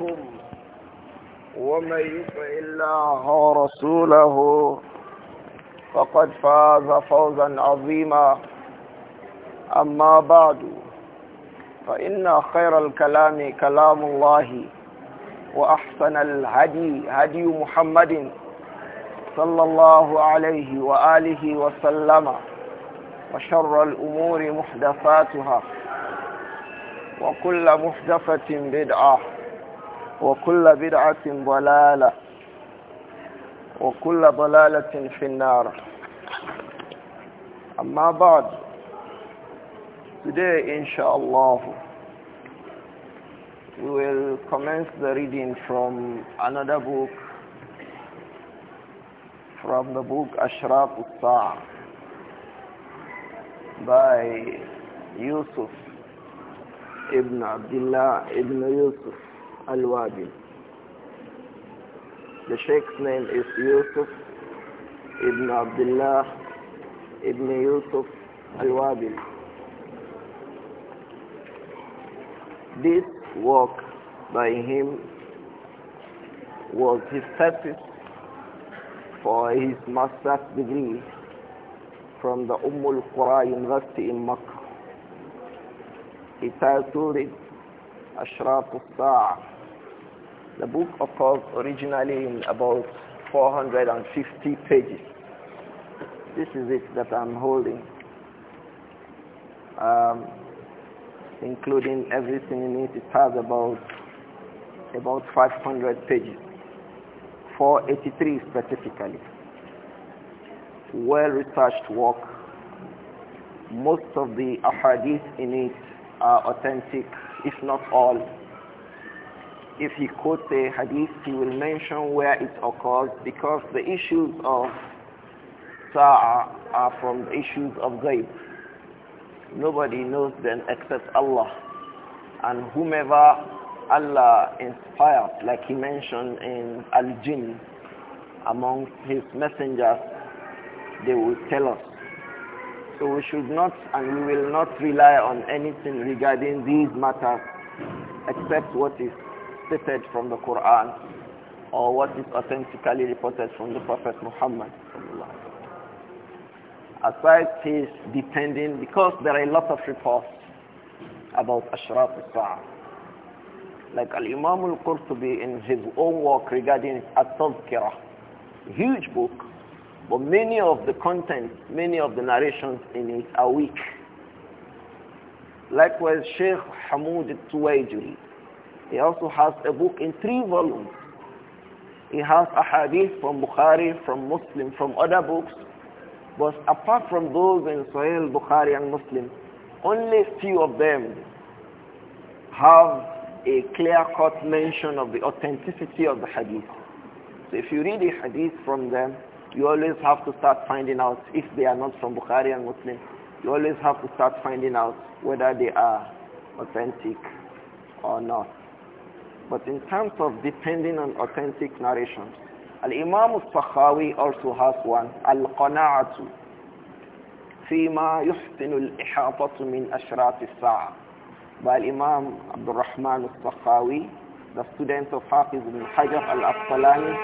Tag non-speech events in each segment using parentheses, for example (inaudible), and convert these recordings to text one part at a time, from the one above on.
عليكم ومن يطع الله ورسوله فقد فاز فوزا عظيما أما بعد فإن خير الكلام كلام الله وأحسن الهدي هدي محمد صلى الله عليه وآله وسلم وشر الأمور محدثاتها وكل محدثة بدعة وكل بدعة ضلالة وكل ضلالة في النار أما بعد Today, inshallah, we will commence the reading from another book, from the book Ashraf al by Yusuf ibn Abdullah ibn Yusuf al Wabil. The Sheikh's name is Yusuf ibn Abdullah ibn Yusuf Al-Wabil. This work by him was his thesis for his master's degree from the Ummul qura University in Makkah. He titled it Ashraf al-Sa'ah the book occurs originally in about 450 pages. This is it that I'm holding, um, including everything in it. It has about about 500 pages, 483 specifically. Well-researched work. Most of the ahadith in it are authentic, if not all if he quotes a hadith, he will mention where it occurs because the issues of Sa'ah are from the issues of Ghaib. Nobody knows them except Allah. And whomever Allah inspires, like he mentioned in Al-Jinn, among his messengers, they will tell us. So we should not and we will not rely on anything regarding these matters except what is stated from the Quran or what is authentically reported from the Prophet Muhammad. Aside his depending, because there are a lot of reports about Ashraf al-Sa'ah. Like Al-Imam al-Qurtubi in his own work regarding At-Tazkirah, huge book, but many of the content, many of the narrations in it are weak. Likewise, Sheikh Hamoud al-Tuwaijuri, he also has a book in three volumes. He has a hadith from Bukhari, from Muslim, from other books. But apart from those in Sahih Bukhari and Muslim, only few of them have a clear-cut mention of the authenticity of the hadith. So if you read a hadith from them, you always have to start finding out if they are not from Bukhari and Muslim. You always have to start finding out whether they are authentic or not. But in terms of depending on authentic narrations, Al-Imam al-Sakhawi also has one, Al-Qana'atu, ma yustinul الإحاطة min ashrati الساعة. By Imam Abdul Rahman al-Sakhawi, the student of Hafiz ibn Hajar al-Asqalani,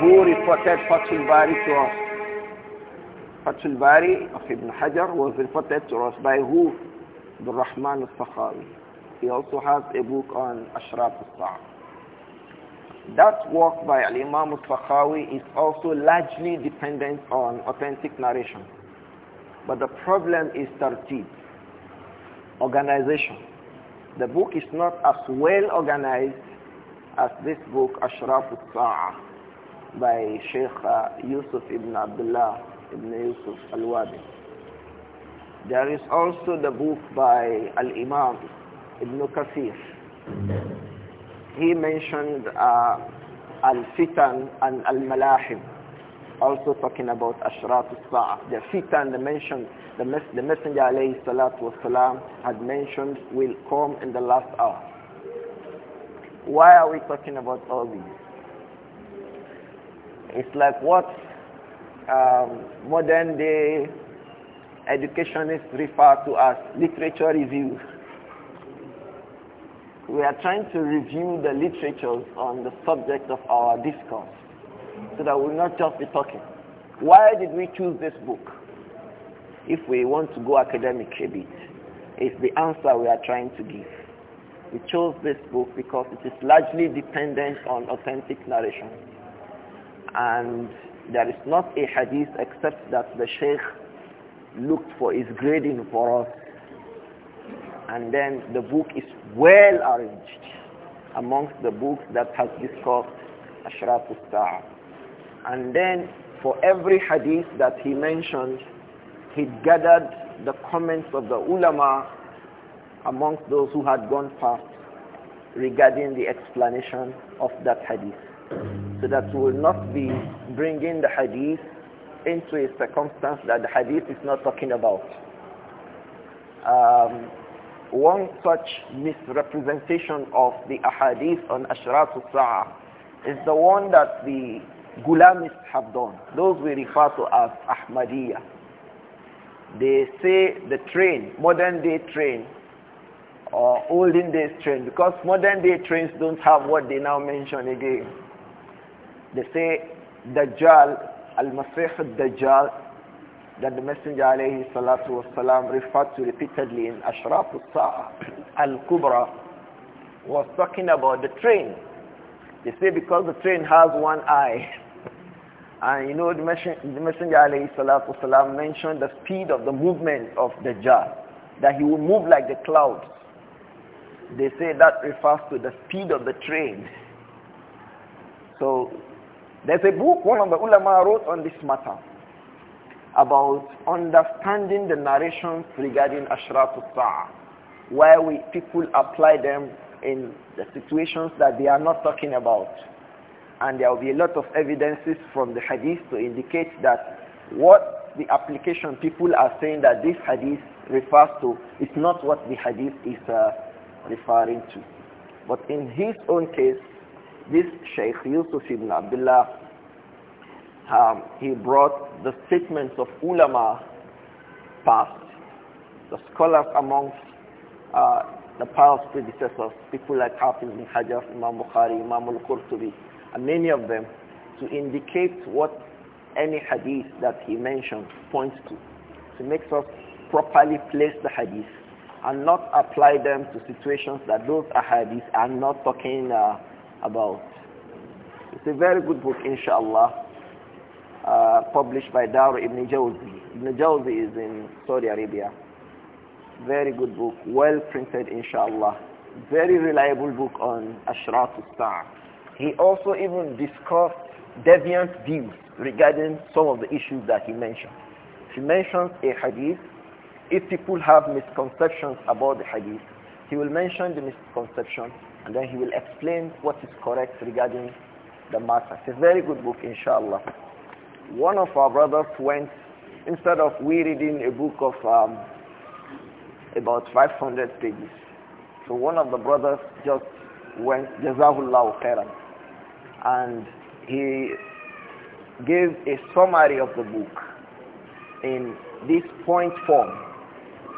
who reported Fatul Bari to us. Fatul Bari of Ibn Hajar was reported to us by who? Abdul Rahman al-Sakhawi. He also has a book on Ashraf al That work by Al-Imam al-Fakhawi is also largely dependent on authentic narration. But the problem is tartib, organization. The book is not as well organized as this book Ashraf al by Sheikh uh, Yusuf ibn Abdullah ibn Yusuf al-Wadi. There is also the book by Al-Imam Ibn Kathir. He mentioned uh, Al-Fitan and Al-Malahim, also talking about Ashrat al The Fitan, the, mentioned the, mes the Messenger alayhi salatu wasalam, had mentioned will come in the last hour. Why are we talking about all these? It's like what um, modern day educationists refer to as literature review we are trying to review the literatures on the subject of our discourse so that we'll not just be talking. Why did we choose this book? If we want to go academic a bit, is the answer we are trying to give. We chose this book because it is largely dependent on authentic narration. And there is not a hadith except that the sheikh looked for his grading for us and then the book is well arranged amongst the books that has discussed Ashraf al And then for every hadith that he mentioned, he gathered the comments of the ulama amongst those who had gone past regarding the explanation of that hadith. So that we will not be bringing the hadith into a circumstance that the hadith is not talking about. Um, one such misrepresentation of the ahadith on Ashrat al-Sa'ah is the one that the Gulamists have done. Those we refer to as Ahmadiyya. They say the train, modern day train, or olden days train, because modern day trains don't have what they now mention again. They say Dajjal, Al-Masih dajjal that the Messenger alayhi salatu wasalam referred to repeatedly in Ashraf al-Sa'ah al-Kubra was talking about the train. They say because the train has one eye. (laughs) And you know the, messenger, the alayhi salatu wasalam mentioned the speed of the movement of the jar. That he will move like the clouds. They say that refers to the speed of the train. So there's a book one of the ulama wrote on this matter about understanding the narrations regarding Ashraf al where we, people apply them in the situations that they are not talking about. And there will be a lot of evidences from the hadith to indicate that what the application people are saying that this hadith refers to is not what the hadith is uh, referring to. But in his own case, this Shaykh Yusuf ibn Abdullah um, he brought the statements of ulama past, the scholars amongst uh, the past predecessors, people like Hafiz bin Hajar, Imam Bukhari, Imam al-Qurtubi, and many of them, to indicate what any hadith that he mentioned points to. So it makes us properly place the hadith and not apply them to situations that those ahadith are not talking uh, about. It's a very good book, inshallah. Uh, published by Dar Ibn Jawzi. Ibn Jawzi is in Saudi Arabia. Very good book, well printed inshallah. Very reliable book on Ashrat al-Sa'ah. He also even discussed deviant views regarding some of the issues that he mentioned. He mentions a hadith. If people have misconceptions about the hadith, he will mention the misconception and then he will explain what is correct regarding the matter. It's a very good book, inshallah. One of our brothers went, instead of we reading a book of um, about 500 pages, so one of the brothers just went, Jazahullah Khairan, and he gave a summary of the book in this point form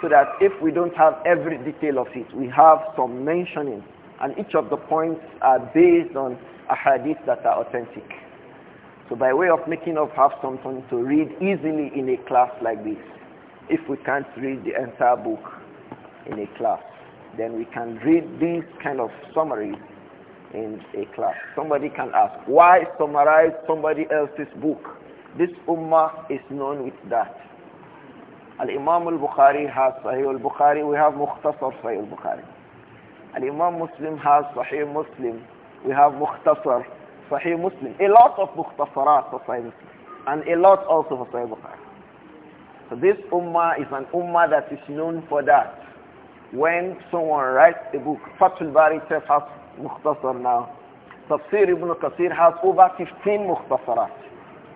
so that if we don't have every detail of it, we have some mentioning. And each of the points are based on hadith that are authentic. So by way of making us have something to read easily in a class like this, if we can't read the entire book in a class, then we can read these kind of summaries in a class. Somebody can ask, why summarize somebody else's book? This ummah is known with that. Al-Imam al-Bukhari has Sahih al-Bukhari. We have Mukhtasar Sahih al-Bukhari. Al-Imam Muslim has Sahih Muslim. We have Mukhtasar Sahih Muslim, a lot of mukhtasarat for Sahih Muslim, and a lot also for Sahih Bukhari. So this ummah is an ummah that is known for that. When someone writes a book, Fatul Bari itself has mukhtasar now. Tafsir ibn Qasir has over 15 mukhtasarat.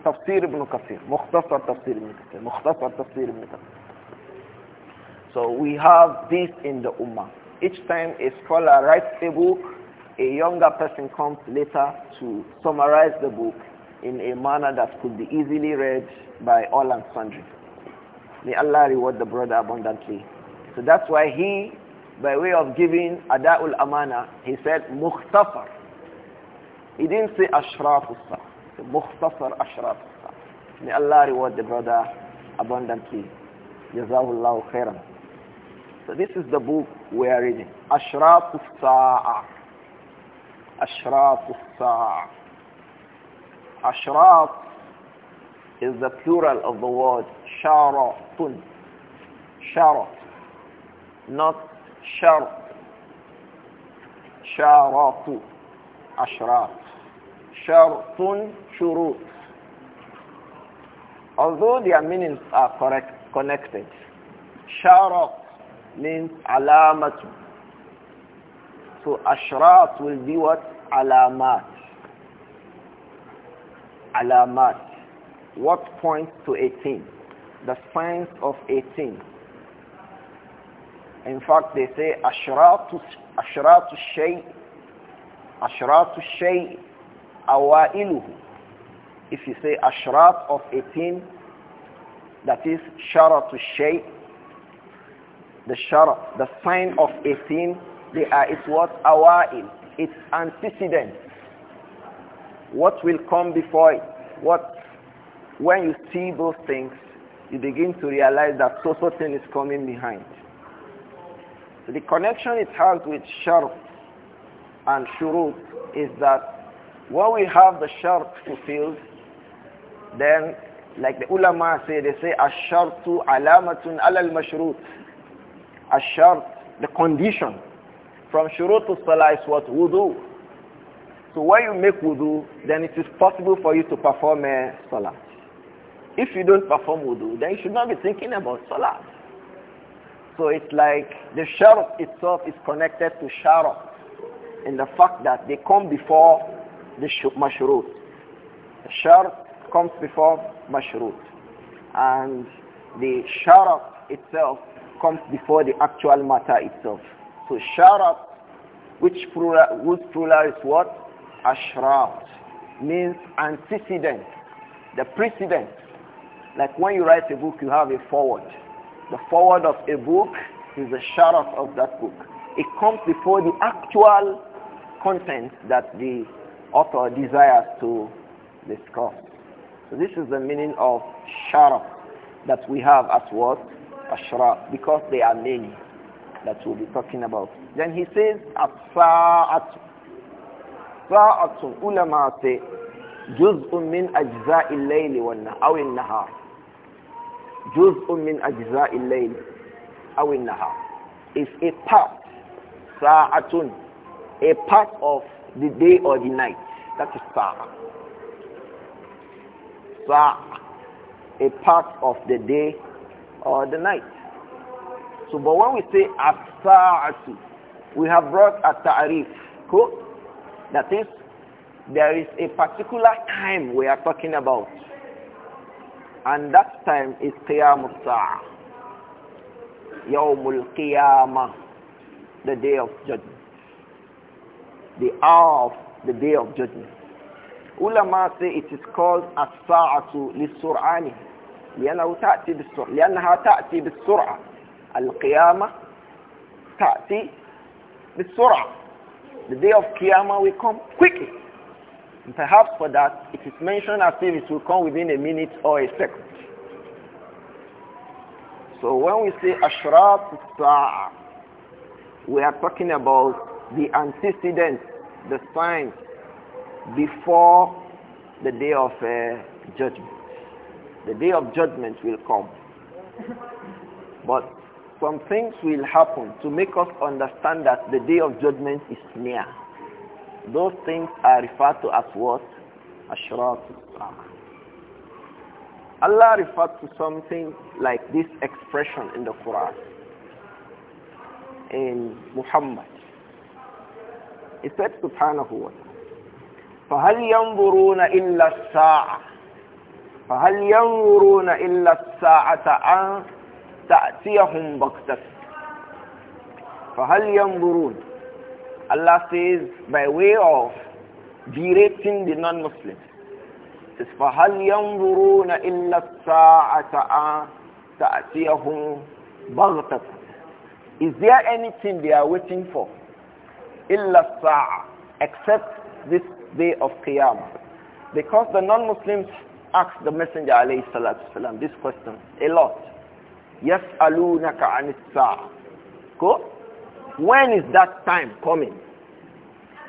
Tafsir ibn Qasir, mukhtasar tafsir ibn Qasir, mukhtasar tafsir ibn Qasir. So we have this in the ummah. Each time a scholar writes a book, a younger person comes later to summarize the book in a manner that could be easily read by all and sundry. May Allah reward the brother abundantly. So that's why he, by way of giving Ada'ul Amana, he said Mukhtafar. He didn't say Ashraf Usta. Mukhtafar Ashraf Usta. May Allah reward the brother abundantly. Jazahullahu khairan. So this is the book we are reading. Ashraf Usta'a. أشراط الساعة أشراط is the plural of the word شارط شارط not شرط شارط أشراط شرط شروط although their meanings are correct, connected شارط means علامة so ashraf will be what alamat. Alamat. What points to a thing? The signs of a thing. In fact, they say ashratu ashratu shay ashratu shay If you say ashrat of a thing, that is sharatu shay, the shara, the sign of a thing, they are its what awail its antecedents. What will come before it? What, when you see those things, you begin to realize that so is coming behind. So the connection it has with sharp and shurut is that when we have the sharp fulfilled, then like the ulama say, they say, a ash to alamatun ala al-mashrut. a shart the condition, from shurutu salah is what? Wudu. So when you make wudu, then it is possible for you to perform a eh, salah. If you don't perform wudu, then you should not be thinking about salah. So it's like the sharp itself is connected to sharp in the fact that they come before the mashrut. The sharp comes before mashrut. And the sharp itself comes before the actual matter itself. So sharat, which plural, whose plural is what? Ashrat means antecedent, the precedent. Like when you write a book, you have a forward. The forward of a book is the sharat of that book. It comes before the actual content that the author desires to discuss. So this is the meaning of sharat that we have as what? Ashrat, because they are many that we'll be talking about. Then he says, As-sa'atu. Sa'atu ulama say, Juz'un min ajza'i al-layli wal-nahar. nahar Juz'un min ajza'i al-layli aw nahar It's a part. Sa'atun. A part of the day or the night. That is sa'a. Sa'a. A part of the day or the night but when we say as-sa'atu, we have brought a ta'rif. Cool? That is, there is a particular time we are talking about. And that time is qiyam Yawmul qiyamah. The day of judgment. The hour of the day of judgment. Ulama say it is called as-sa'atu li لأنه تأتي بالسرعة لأنها تأتي بالسرعة Al-Qiyamah ta'ti The day of Qiyamah will come quickly. And perhaps for that, it is mentioned as if it will come within a minute or a second. So when we say Ashraf Sa'ah, we are talking about the antecedent, the signs before the day of uh, judgment. The day of judgment will come. But some things will happen to make us understand that the day of judgment is near. Those things are referred to as what? Ashraf. Allah referred to something like this expression in the Quran. In Muhammad. He said subhanahu wa ta'ala. فَهَلْ يَنْظُرُونَ إِلَّا السَّاعَةَ فَهَلْ يَنْظُرُونَ إِلَّا السَّاعَةَ أَنْ تأتيهم بغتة فهل ينظرون Allah says by way of berating the non-Muslims says فهل ينظرون إلا الساعة تأتيهم بغتة Is there anything they are waiting for? إلا الساعة except this day of Qiyamah because the non-Muslims ask the Messenger alayhi salatu this question a lot Yes, عَنِ السَّاعَةِ Go. When is that time coming?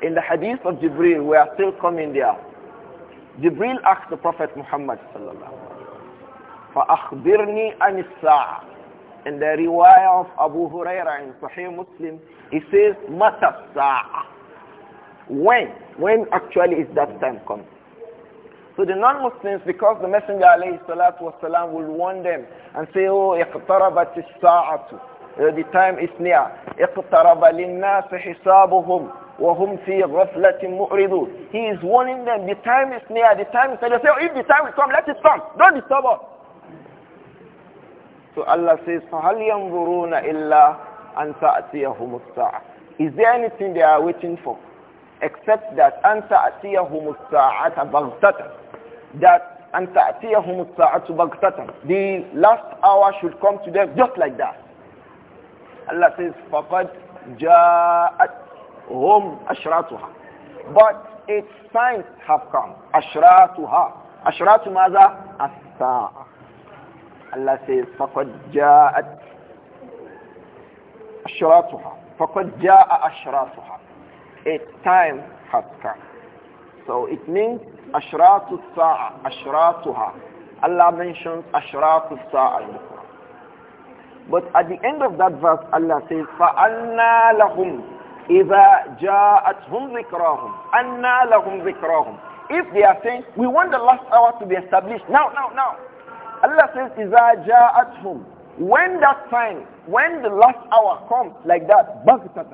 In the hadith of Jibril, we are still coming there. Jibril asked the Prophet Muhammad sallallahu فَأَخْبِرْنِي عَنِ السَّاعَةِ In the riwayah of Abu Huraira in Sahih Muslim, he says, مَتَى السَّاعَةِ When? When actually is that time coming? So the non-Muslims, because the Messenger alayhi salatu will warn them and say, oh, اقتربت الساعة uh, The time is near. اقترب للناس حسابهم وهم في غفلة مؤردون He is warning them, the time is near, the time is near. They say, oh, if the time will come, let it come. Don't disturb us. So Allah says, فَهَلْ يَنْظُرُونَ إِلَّا أَنْ تَأْتِيَهُمُ السَّاعَةِ Is there anything they are waiting for? Except that أَنْ تَأْتِيَهُمُ السَّاعَةَ بَغْتَةً that and ta'tiyahum as The last hour should come to them just like that. Allah says faqad ja'at hum ashratuha. But its signs have come. Ashratuha. Ashratu maza as-sa'a. Allah says faqad ja'at ashratuha. Faqad ja'a ashratuha. Its time has come. So it means ashratu sa'a, ashratuha. Allah mentions ashratu sa'a in the Quran. But at the end of that verse, Allah says, فَأَنَّا لَهُمْ إِذَا جَاءَتْهُمْ ذِكْرَاهُمْ أَنَّا لَهُمْ ذِكْرَاهُم. If they are saying, we want the last hour to be established, now, now, now. Allah says, إِذَا جَاءَتْهُمْ When that time, when the last hour comes like that, بَغْتَةً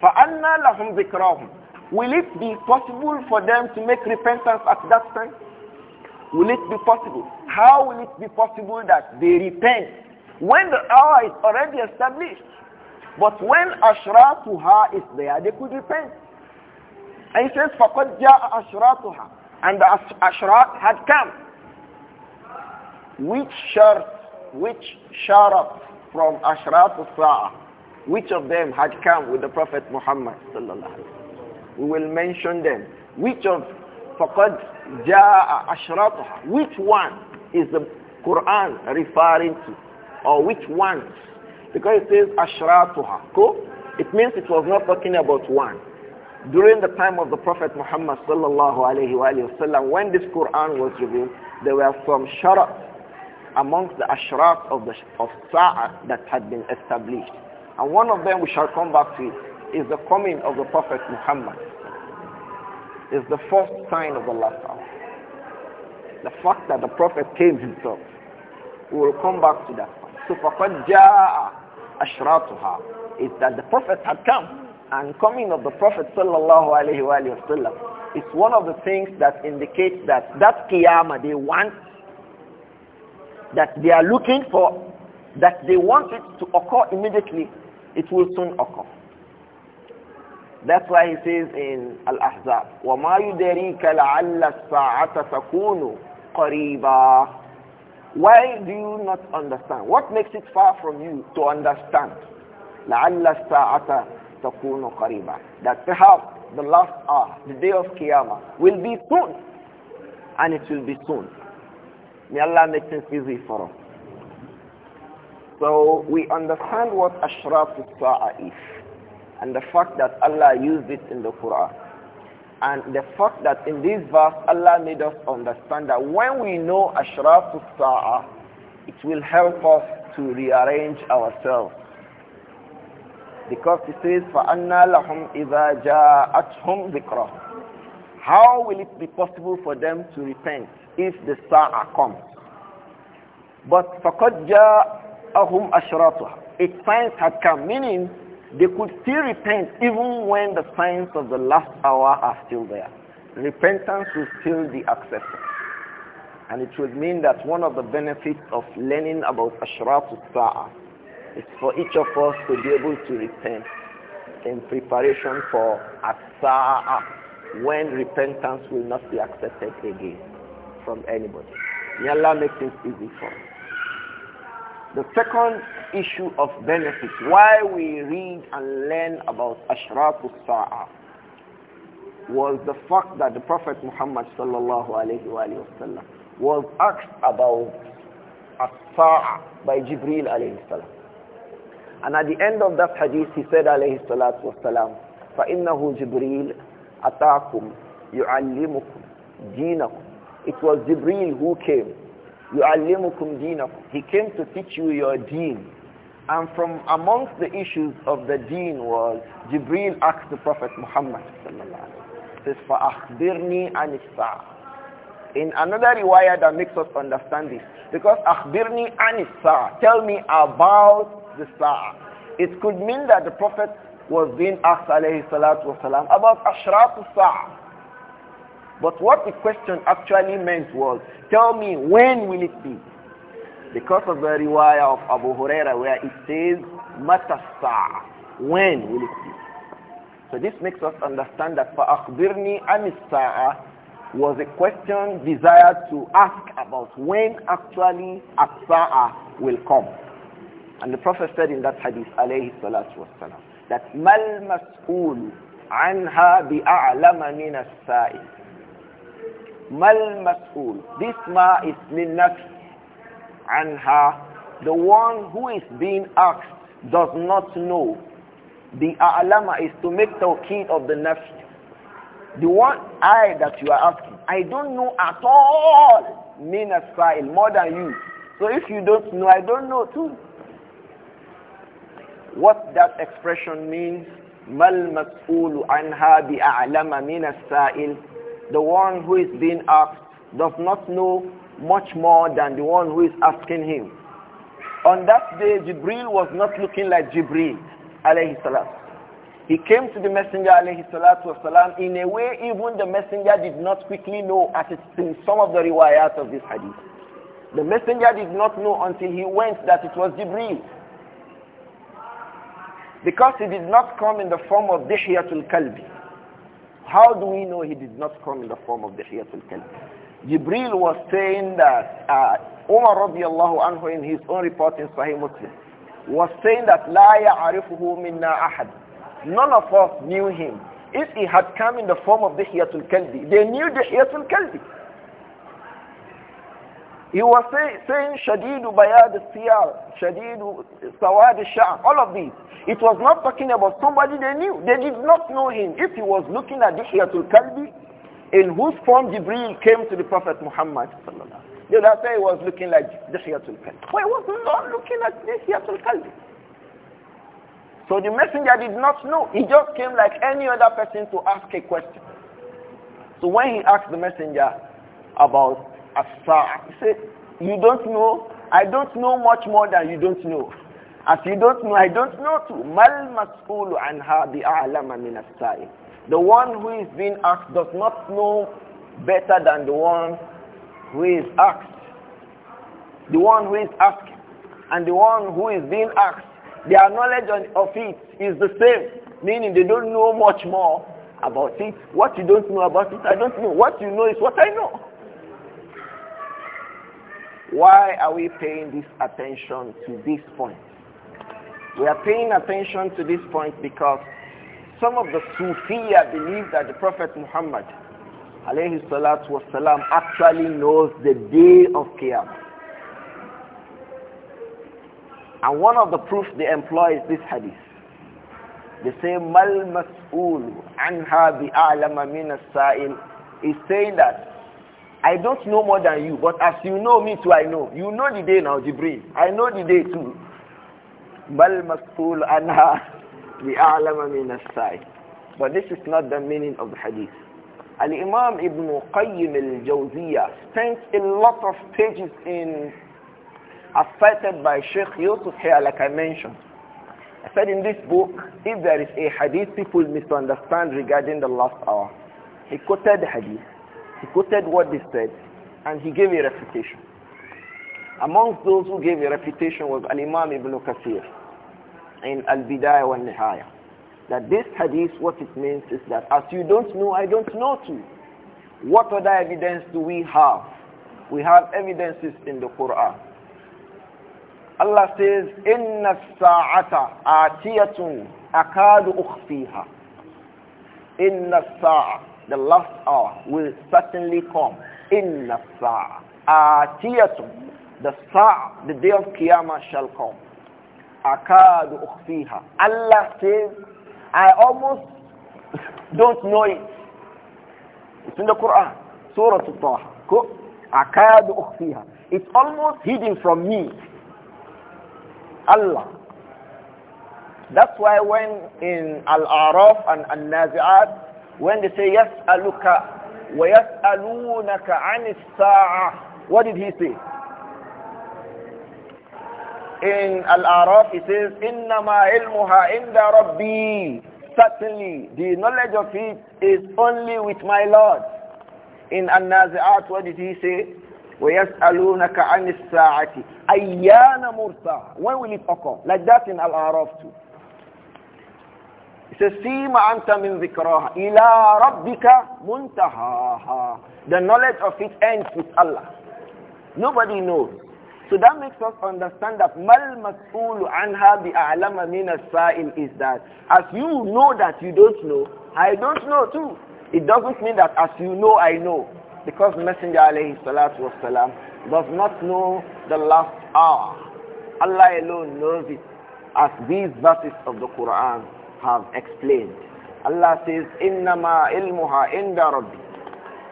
فَأَنَّا لَهُمْ ذِكْرَاهُمْ Will it be possible for them to make repentance at that time? Will it be possible? How will it be possible that they repent when the hour is already established? But when Ashratuha is there, they could repent. And he says, فَقَدْ جَاءَ أَشْرَاتُهَا And the Ashrat had come. Which shirt, which sharat from Ashrat which of them had come with the Prophet Muhammad sallallahu we will mention them. Which of فَقَدْ جَاءَ أَشْرَاطُهَا Which one is the Quran referring to? Or which ones? Because it says أَشْرَاطُهَا Cool? It means it was not talking about one. During the time of the Prophet Muhammad sallallahu alayhi wa when this Quran was revealed, there were some sharat amongst the ashraf of the of saa that had been established. And one of them we shall come back to it is the coming of the Prophet Muhammad. Is the first sign of the last hour. The fact that the Prophet came himself. We will come back to that. So فَقَدْ جَاءَ أَشْرَاتُهَا Is that the Prophet had come. And coming of the Prophet sallallahu alayhi wa sallam is one of the things that indicates that that Qiyamah they want, that they are looking for, that they want it to occur immediately, it will soon occur. That's why he says in Al-Ahzab, وَمَا يُدَرِيكَ لَعَلَّ السَّاعَةَ تَكُونُ قَرِيبًا Why do you not understand? What makes it far from you to understand? لَعَلَّ السَّاعَةَ تَكُونُ قَرِيبًا That perhaps the last hour, the day of Qiyamah, will be soon. And it will be soon. May Allah make things easy for us. So we understand what Ashraf al-Sa'a is and the fact that Allah used it in the Quran. And the fact that in this verse Allah made us understand that when we know Ashraf saa, it will help us to rearrange ourselves. Because it says, فَأَنَّا لَهُمْ إِذَا جَاءَتْهُمْ Quran." How will it be possible for them to repent if the saa comes? But فَقَدْ جَاءَهُمْ أَشْرَاطُهَا Its signs had come, meaning they could still repent even when the signs of the last hour are still there. Repentance will still be accepted. And it would mean that one of the benefits of learning about Ashratu Sa'ah is for each of us to be able to repent in preparation for as when repentance will not be accepted again from anybody. May Allah make it easy for us. The second issue of benefit, why we read and learn about Ashraf saa was the fact that the Prophet Muhammad sallallahu alayhi wa was asked about as by Jibril alayhi sallam, And at the end of that hadith, he said alayhi salatu wa salam, فَإِنَّهُ جِبْرِيلٌ أَتَاكُمْ يُعَلِّمُكُمْ دِينَكُمْ It was Jibril who came يُعَلِّمُكُمْ دِينَكُمْ He came to teach you your deen. And from amongst the issues of the deen was Jibril asked the Prophet Muhammad says, "For عَنِ السَّاعَةِ In another riwayah that makes us understand this, because أَخْبِرْنِي عَنِ Tell me about the star. It could mean that the Prophet was being asked alayhi salatu wasalam about ashratu saa. But what the question actually meant was, tell me when will it be? Because of the riwayah of Abu Huraira where it says, matasa, when will it be? So this makes us understand that فَأَخْبِرْنِي Akbirni السَّاعَةِ was a question desired to ask about when actually as will come. And the Prophet said in that hadith, alayhi salatu wasalam, that مَا الْمَسْئُولُ عَنْهَا بِأَعْلَمَ مِنَ السَّائِلِ Mal mas'ul. This ma is linnafi. Anha. The one who is being asked does not know. The a'lama is to make tawqid of the nafi. The one I that you are asking, I don't know at all min as more than you. So if you don't know, I don't know too. What that expression means, mal mas'ulu anha bi a'lama min as the one who is being asked does not know much more than the one who is asking him. On that day, Jibril was not looking like Jibril, alayhi salam. He came to the messenger, alayhi salatu wasalam, in a way even the messenger did not quickly know, as it's in some of the riwayat of this hadith. The messenger did not know until he went that it was Jibril. Because he did not come in the form of Dihyatul Kalbi. How do we know he did not come in the form of the Hiyatul Kalb? Jibril was saying that uh, Umar radiallahu anhu in his own report in Sahih Muslim was saying that La ya'arifuhu minna ahad. None of us knew him. If he had come in the form of the Hiyatul Kalbi, they knew the Hiyatul Kalbi. He was say, saying Shadidu Bayad Siyar, Shadidu Sawad Shah, all of these. It was not talking about somebody they knew. They did not know him. If he was looking at Dihyatul Kalbi, in whose form Jibril came to the Prophet Muhammad they would say he was looking like Dihyatul Kalbi. But he was not looking at Dihyatul Kalbi. So the messenger did not know. He just came like any other person to ask a question. So when he asked the messenger about as-sa'a. He say, you don't know, I don't know much more than you don't know. As you don't know, I don't know too. Mal mas'ulu anha bi'a'lama min as-sa'i. The one who is being asked does not know better than the one who is asked. The one who is asked and the one who is being asked, their knowledge of it is the same, meaning they don't know much more about it. What you don't know about it, I don't know. What you know is what I know. Why are we paying this attention to this point? We are paying attention to this point because some of the Sufiya believe that the Prophet Muhammad alayhi salatu wasalam actually knows the day of Qiyamah. And one of the proofs they employ is this hadith. They say, Mal mas'ul anha bi'a'lama min as is saying that I don't know more than you, but as you know me too, I know. You know the day now, Jibril. I know the day too. بَلْ مَسْفُولُ أَنْهَا بِأَعْلَمَ مِنَ السَّائِ But this is not the meaning of the hadith. Al-Imam Ibn Qayyim al-Jawziyah spent a lot of pages in affected by Sheikh Yusuf here like I mentioned. I said in this book, if there is a hadith people misunderstand regarding the last hour, he quoted the hadith. He quoted what they said and he gave a refutation. Amongst those who gave a refutation was Al-Imam Ibn Kathir in Al-Bidayah wa Nihayah. That this hadith, what it means is that as you don't know, I don't know too. What other evidence do we have? We have evidences in the Quran. Allah says, إِنَّ السَّاعَةَ آتِيَةٌ أَكَادُ أُخْفِيهَا إِنَّ السَّاعَةَ the last hour will certainly come. Inna sa'a atiyatun. The sa'a, the day of Qiyamah shall come. Akadu ukhfiha. Allah says, I almost (laughs) don't know it. It's in the Quran. Surah Al-Taha. Akadu ukhfiha. It's almost hidden from me. Allah. That's why when in Al-Araf and Al-Nazi'at, when they say, yes, aluka, wa yes, what did he say? In Al-Araf, he says, إِنَّمَا عِلْمُهَا عِنْدَ رَبِّي Certainly, the knowledge of it is only with my Lord. In An-Nazi'at, what did he say? وَيَسْأَلُونَكَ عَنِ السَّاعَةِ أَيَّانَ مُرْسَاهَا When will it occur? Like that in Al-Araf too. It says, فِيمَ أَنْتَ مِنْ ذِكْرَاهَا ila رَبِّكَ مُنْتَهَاهَا The knowledge of it ends with Allah. Nobody knows. So that makes us understand that mal mas'ulu anha bi a'lama min as-sa'il is that as you know that you don't know, I don't know too. It doesn't mean that as you know, I know. Because Messenger alayhi salatu wasalam does not know the last hour. Allah alone knows it as these verses of the Quran have explained. Allah says, Innama ilmuha inda rabbi.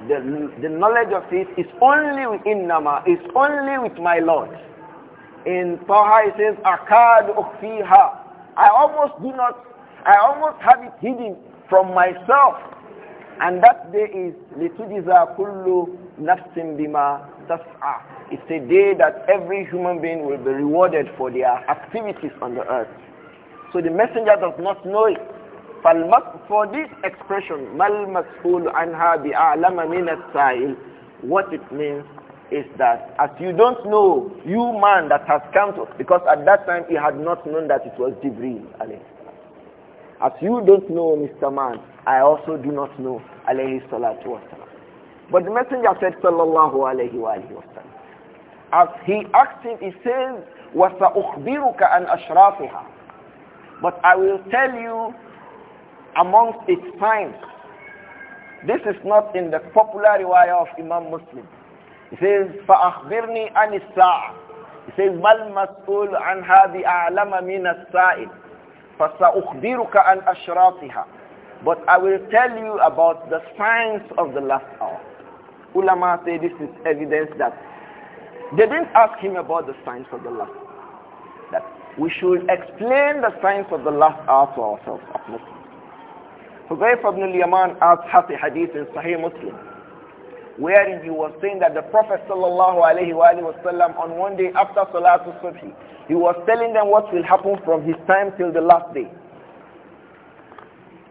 The, the knowledge of it is only with innama, is only with my Lord. In Taha it says, Akad ukfiha. I almost do not, I almost have it hidden from myself. And that day is, لِتُجِزَا kulu نَفْسٍ bima تَسْعَى It's a day that every human being will be rewarded for their activities on the earth. So the messenger does not know it. For this expression, What it means is that as you don't know, you man that has come to, because at that time he had not known that it was Jibreel, as you don't know, Mr. Man, I also do not know, But the messenger said, sallallahu alayhi wa As he asked him, he says, وَسَأُخْبِرُكَ أَنْ أَشْرَافِهَا but I will tell you amongst its signs. This is not in the popular riwayah of Imam Muslim. He says, فَأَخْبِرْنِي عَنِ السَّاعَةِ He says, مَا الْمَسْئُولُ عَنْهَا أعلم مِنَ السَّائِلِ فَسَأُخْبِرُكَ عَنْ أَشْرَاطِهَا But I will tell you about the signs of the last hour. Ulama say this is evidence that they didn't ask him about the signs of the last. That we should explain the signs of the last hour to ourselves as Muslims. Huzayf ibn al-Yaman asked hadith in Sahih Muslim wherein he was saying that the Prophet sallallahu alaihi wasallam on one day after Salatul Subhi, he was telling them what will happen from his time till the last day.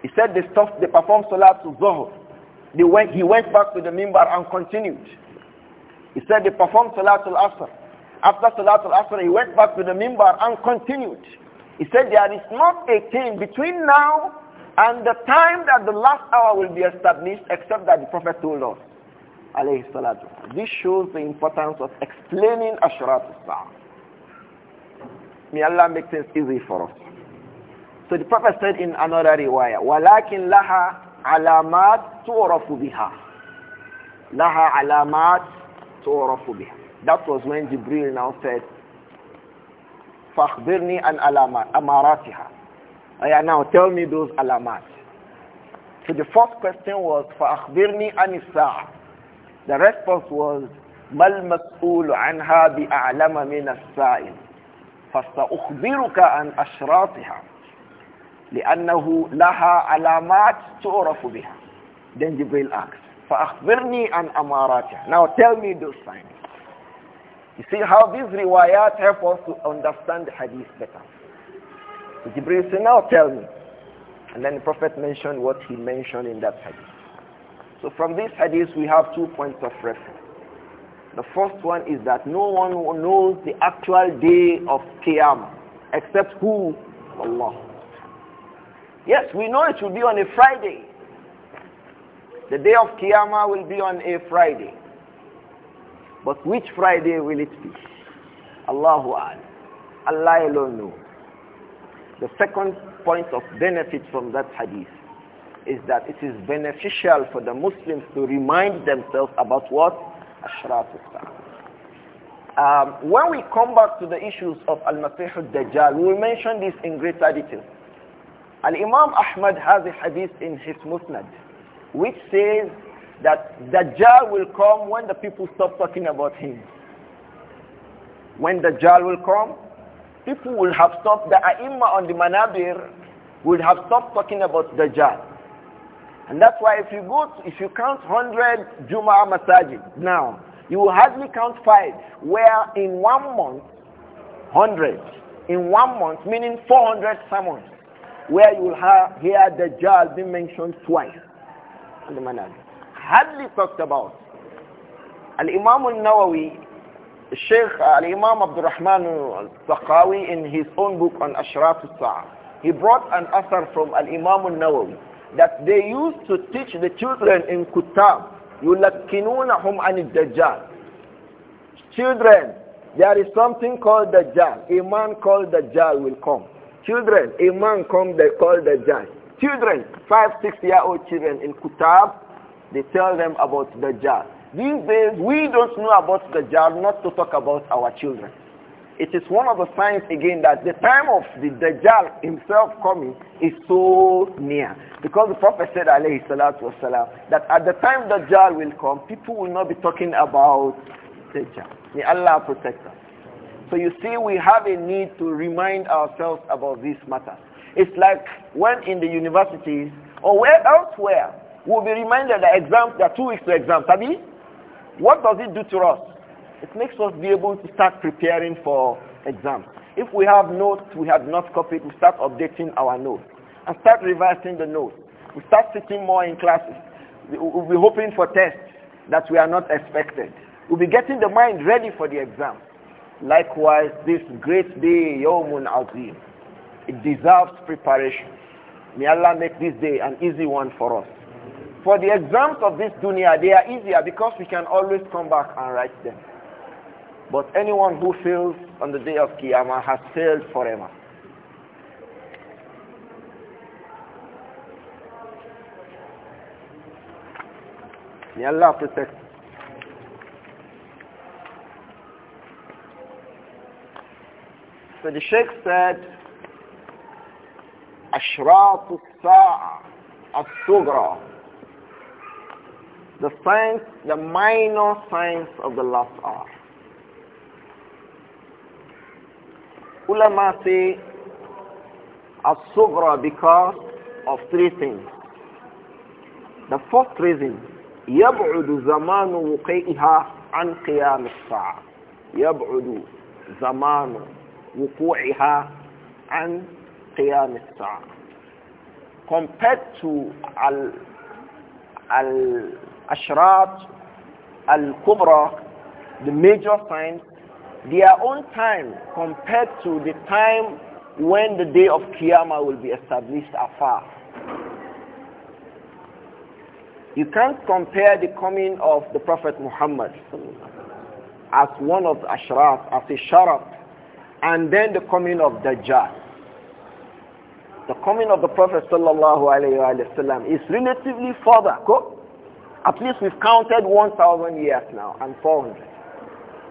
He said they stopped, they performed Salatul Zuhr. They went, he went back to the mimbar and continued. He said they performed Salatul Asr. After Salatul Asr, he went back to the mimbar and continued. He said, there is not a thing between now and the time that the last hour will be established except that the Prophet told us. This shows the importance of explaining Ashurat al May Allah make things easy for us. So the Prophet said in another riwayah, وَلَكِنْ لَهَا عَلَامَاتْ تُعْرَفُ بِهَا لَهَا عَلَامَاتْ تُعْرَفُ بِهَا that was when Jibril now said, "Fakhbirni an amaratiha." now tell me those alamat. So the first question was, "Fakhbirni an The response was, "Mal masoolu anha bi a'lama min as-sa'il." فَسَأُخْبِرُكَ عَنْ أَشْرَاطِهَا لِأَنَّهُ لَهَا عَلَامَاتٍ تُعْرَفُ بِهَا Then Jibril asked, فَأَخْبِرْنِي an amaratiha?" Now tell me those signs. You see how these riwayat help us to understand the hadith better. So Jibril said, now tell me. And then the Prophet mentioned what he mentioned in that hadith. So from this hadith we have two points of reference. The first one is that no one knows the actual day of Qiyamah except who? Allah. Yes, we know it will be on a Friday. The day of Qiyamah will be on a Friday. But which Friday will it be? Allahu Alam. Allah alone knows. The second point of benefit from that hadith is that it is beneficial for the Muslims to remind themselves about what? Ashraf um, When we come back to the issues of Al-Masih al-Dajjal, we'll mention this in greater detail. Al-Imam Ahmad has a hadith in his Musnad which says that Dajjal will come when the people stop talking about him. When Dajjal will come, people will have stopped, the Aima on the Manabir will have stopped talking about Dajjal. And that's why if you go, to, if you count 100 Juma Masajid now, you will hardly count five, where in one month, 100, in one month, meaning 400 sermons, where you will hear Dajjal being mentioned twice on the Manabir hardly talked about. Al-Imam al-Nawawi, Sheikh uh, Al-Imam Abdul Rahman al-Taqawi in his own book on Ashraf al-Sa'ah, he brought an asar from Al-Imam al-Nawawi that they used to teach the children in Kutab, يُلَكِّنُونَهُمْ an Dajjal. Children, there is something called Dajjal. A man called Dajjal will come. Children, a man come the Dajjal. Children, five, six year old children in Kutab, they tell them about Dajjal. These days, we don't know about Dajjal, not to talk about our children. It is one of the signs again that the time of the Dajjal himself coming is so near. Because the Prophet said, alayhi salatu wasalam, that at the time Dajjal will come, people will not be talking about Dajjal. May Allah protect us. So you see, we have a need to remind ourselves about this matter. It's like when in the universities or where elsewhere, We'll be reminded that exams, there are two weeks to exams. Tabi, what does it do to us? It makes us be able to start preparing for exams. If we have notes we have not copied, we start updating our notes and start revising the notes. We start sitting more in classes. We'll be hoping for tests that we are not expected. We'll be getting the mind ready for the exam. Likewise, this great day, Yawmun Azim, it deserves preparation. May Allah make this day an easy one for us. For the exams of this dunya, they are easier because we can always come back and write them. But anyone who fails on the day of Qiyamah has failed forever. May Allah protect So the Sheikh said, أشراط الساعة الصغرى the signs, the minor signs of the last hour. Ulama say as-sughra because of three things. The first reason, يبعد زمان وقوعها عن قيام الساعة. يبعد زمان وقوعها عن قيام الساعة. Compared to al, al Ashrat, Al-Kubra, the major signs, their own time compared to the time when the day of Qiyamah will be established afar. You can't compare the coming of the Prophet Muhammad as one of the Ashraf, as a Sharaf, and then the coming of Dajjal. The coming of the Prophet sallallahu alayhi wa is relatively further. Go. At least we've counted 1,000 years now and 400.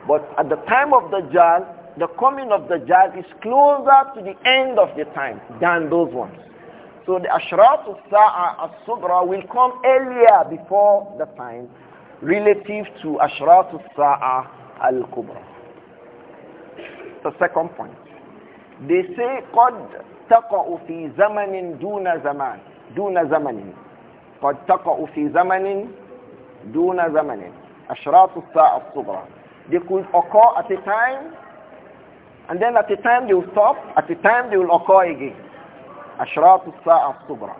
But at the time of the Dajjal, the coming of the Dajjal is closer to the end of the time than those ones. So the Ashraf al-Sa'ah al-Sugra will come earlier before the time relative to Ashraf al-Sa'ah al-Kubra. The second point. They say قد تقع في زمن دون زمان دون زمن قد تقع في زمن دون zamanin أشراط الساعة الصغرى they could occur at a time and then at a time they will stop at a time they will occur again أشراط الساعة الصغرى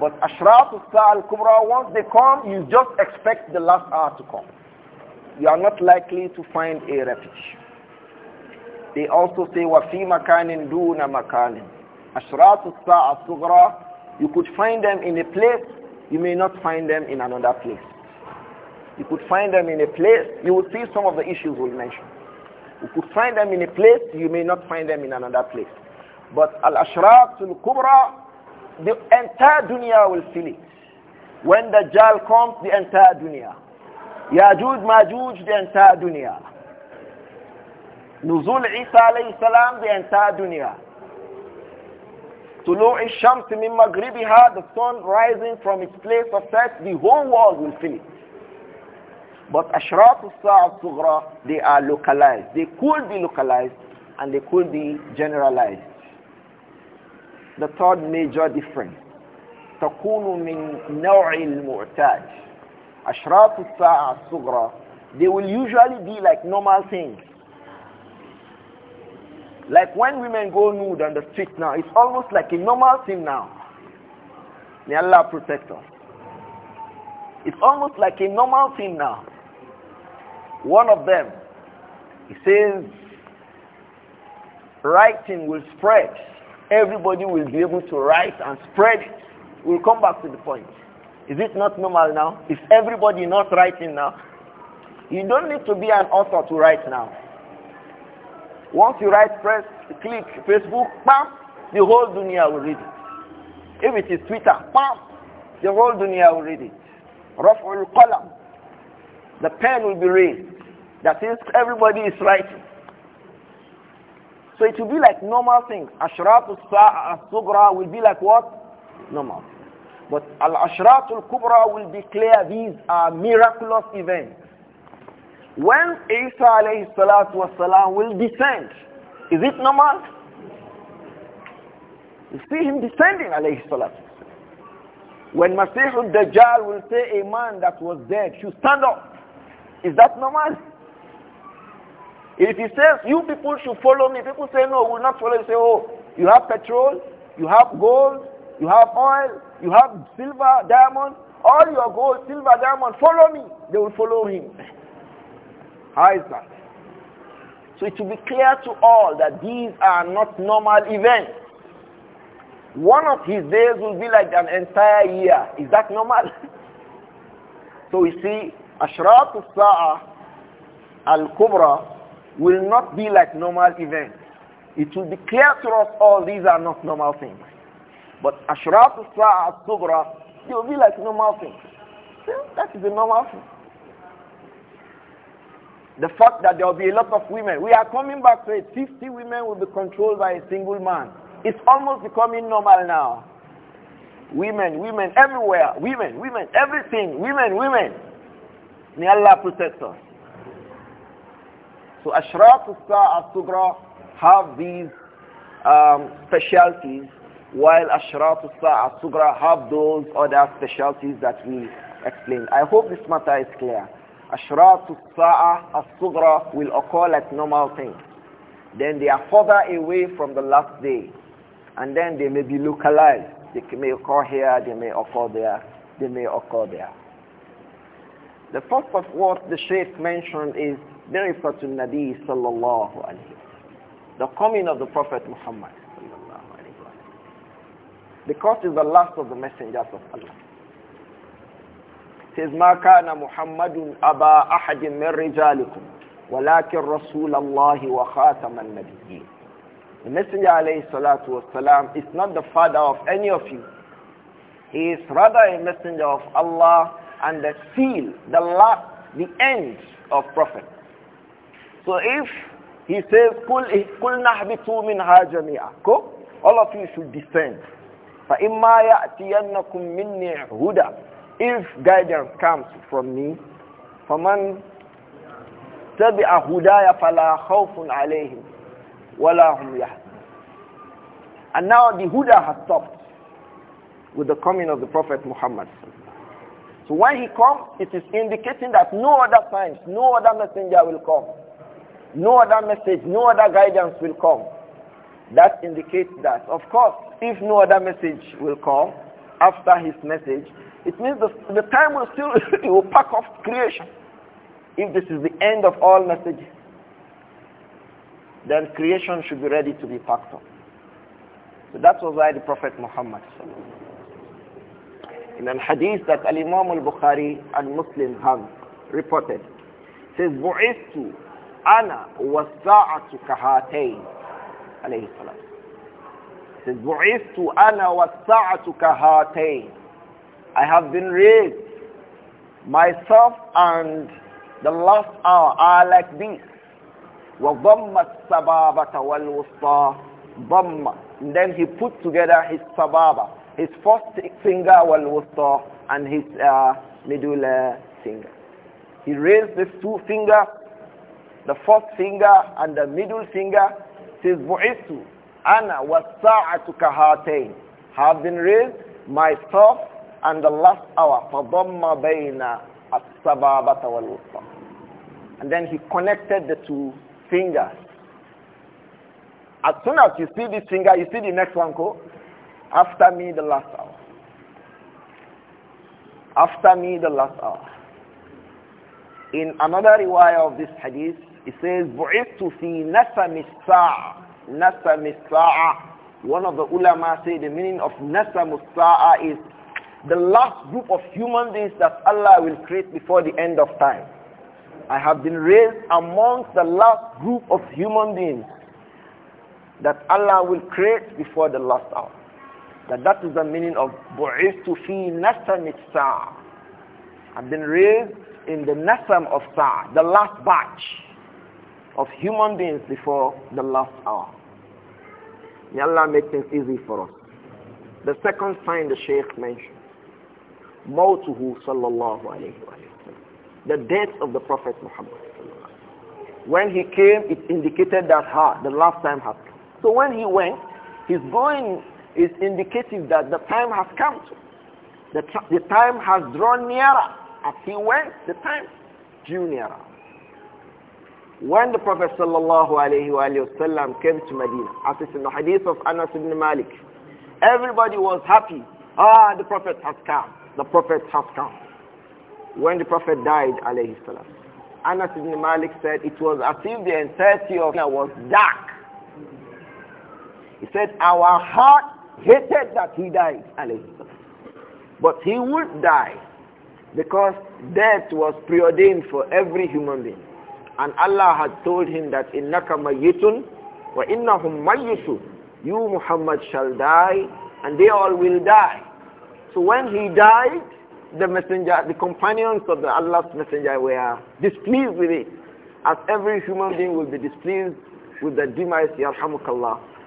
but أشراط الساعة الكبرى once they come you just expect the last hour to come you are not likely to find a repetition they also say وفي مكان دون مكان أشراط الساعة الصغرى you could find them in a place you may not find them in another place you could find them in a place, you will see some of the issues we'll mention. You could find them in a place, you may not find them in another place. But Al-Ashraq, Al-Kubra, the entire dunya will feel it. When Dajjal comes, the entire dunya. Yajud, Majud, the entire dunya. Nuzul Isa alayhi salam, the entire dunya. Tulu'i Shams min Maghribiha, the sun rising from its place of set, the whole world will feel it. But Ashraf al sugra they are localized. They could be localized and they could be generalized. The third major difference. تكون من نوع المعتاد أشراط الساعة الصغرى they will usually be like normal things like when women go nude on the street now it's almost like a normal thing now may Allah protect us it's almost like a normal thing now one of them, he says, writing will spread. Everybody will be able to write and spread it. We'll come back to the point. Is it not normal now? Is everybody not writing now? You don't need to be an author to write now. Once you write, press, click Facebook, bam, the whole dunya will read it. If it is Twitter, bam, the whole dunya will read it. رفع القلم the pen will be raised. That is, everybody is writing. So it will be like normal things. Ashratu sugra will be like what? Normal. But al-ashratu kubra will declare these are miraculous events. When Isa alayhi salatu wasalam will descend, is it normal? You see him descending alayhi salatu When Masihud al-Dajjal will say a man that was dead should stand up. Is that normal? If he says, you people should follow me, people say, no, we'll not follow you. Say, oh, you have petrol, you have gold, you have oil, you have silver, diamond, all your gold, silver, diamond, follow me. They will follow him. (laughs) How is that? So it will be clear to all that these are not normal events. One of his days will be like an entire year. Is that normal? (laughs) so we see Ashrat al-Sa'ah al-Kubra will not be like normal events. It will be clear to us all these are not normal things. But Ashrat al-Sa'ah al-Kubra, they will be like normal things. See, that is a normal thing. The fact that there will be a lot of women. We are coming back to it. 50 women will be controlled by a single man. It's almost becoming normal now. Women, women everywhere. Women, women, everything. Women, women. May Allah protect us. So Ashraf al sugra have these um, specialties while Ashraf al sugra have those other specialties that we explained. I hope this matter is clear. Ashraf al sugra will occur like normal things. Then they are further away from the last day. And then they may be localized. They may occur here, they may occur there, they may occur there. The first of what the Shaykh mentioned is Birifatun Nabi sallallahu alayhi The coming of the Prophet Muhammad sallallahu alayhi wa Because he's the last of the messengers of Allah. says, مَا كَانَ مُحَمَّدٌ أَبَا أَحَدٍ مِّن رِجَالِكُمْ وَلَكِنْ رَسُولَ اللَّهِ وَخَاتَمَ النَّبِيِّينَ The Messenger alayhi salatu wasalam is not the father of any of you. He is rather a messenger of Allah and the seal, the last, the end of Prophet. So if he says, Kul, nahbitu minha jami'a. All of you should descend. فَإِمَّا If guidance comes from me, فَمَنْ تَبِعَ هُدَايَ فَلَا خَوْفٌ عَلَيْهِمْ وَلَا هُمْ And now the Huda has stopped with the coming of the Prophet Muhammad. So when he comes, it is indicating that no other signs, no other messenger will come. No other message, no other guidance will come. That indicates that. Of course, if no other message will come after his message, it means the, the time will still it (laughs) will pack off creation. If this is the end of all messages, then creation should be ready to be packed up. So that was why the Prophet Muhammad in an hadith that al-Imam al-Bukhari and Muslim have reported says bu'istu ana was-sa'atu kahatayn alayhi salam says bu'istu ana was-sa'atu kahatayn I have been raised myself and the last hour are like this وَضَمَّتْ السَّبَابَةَ وَالْوُسْطَى ضَمَّ then he put together his sababa his first finger wal wusta and his uh, middle uh, finger. He raised the two fingers, the first finger and the middle finger, says bu'istu ana wasa'atu kahatain. Have been raised my and the last hour fadamma bayna as-sababata wal wusta. And then he connected the two fingers. As soon as you see this finger, you see the next one go. After me, the last hour. After me, the last hour. In another riwayah of this hadith, it says, بُعِثْتُ فِي نَسَمِ السَّاعَةِ نَسَمِ السَّاعَةِ One of the ulama say the meaning of نَسَمُ السَّاعَةِ is the last group of human beings that Allah will create before the end of time. I have been raised amongst the last group of human beings that Allah will create before the last hour. That that is the meaning of bu'istu fi nasam sa' I've been raised in the nasam of sa' the last batch of human beings before the last hour. May Allah make things easy for us. The second sign the Shaykh mentioned, Mawtuhu sallallahu alayhi wa The death of the Prophet Muhammad When he came, it indicated that ha, the last time happened. So when he went, he's going is indicative that the time has come. The, the time has drawn nearer. As he went, the time drew nearer. When the Prophet sallallahu alayhi wa came to Medina, as it's in the hadith of Anas ibn Malik, everybody was happy. Ah, the Prophet has come. The Prophet has come. When the Prophet died, alayhi Anas ibn Malik said it was as if the entirety of it was dark. He said, our heart hated that he died. But he would die because death was preordained for every human being. And Allah had told him that innaka mayyitun wa innahum mayyitun. You Muhammad shall die and they all will die. So when he died, the messenger, the companions of the Allah's messenger were displeased with it. As every human being will be displeased with the demise,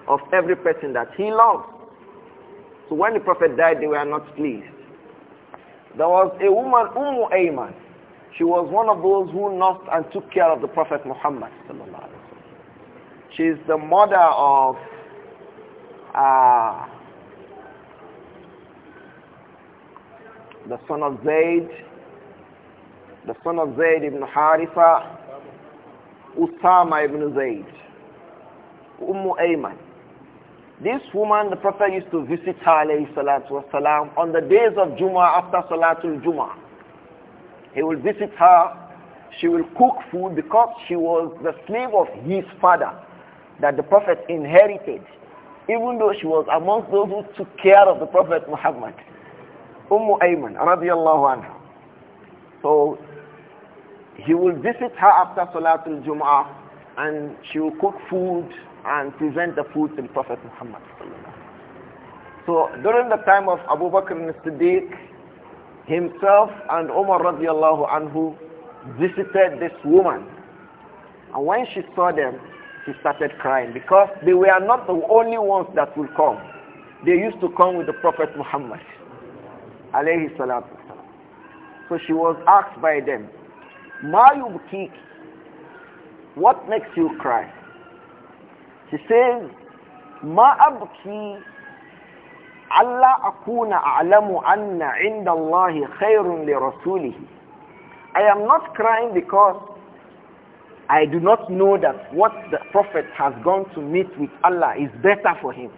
of every person that he loves. So when the Prophet died, they were not pleased. There was a woman, Umu Ayman. She was one of those who nursed and took care of the Prophet Muhammad. She is the mother of uh, the son of Zayd, the son of Zayd ibn Haritha, Usama ibn Zayd, Umm Ayman. This woman, the Prophet used to visit her والسلام, on the days of Jummah after Salatul Jummah. He will visit her. She will cook food because she was the slave of his father that the Prophet inherited, even though she was amongst those who took care of the Prophet Muhammad. Umm Ayman, radiallahu anha. So he will visit her after Salatul Jum'ah and she will cook food and present the food to the Prophet Muhammad. So during the time of Abu Bakr as-Siddiq, himself and Umar radiallahu anhu visited this woman. And when she saw them, she started crying because they were not the only ones that would come. They used to come with the Prophet Muhammad So she was asked by them, Ma yubkiki what makes you cry? She says, ما أبكي akuna أكون anna أن عند الله خير لرسوله I am not crying because I do not know that what the Prophet has gone to meet with Allah is better for him.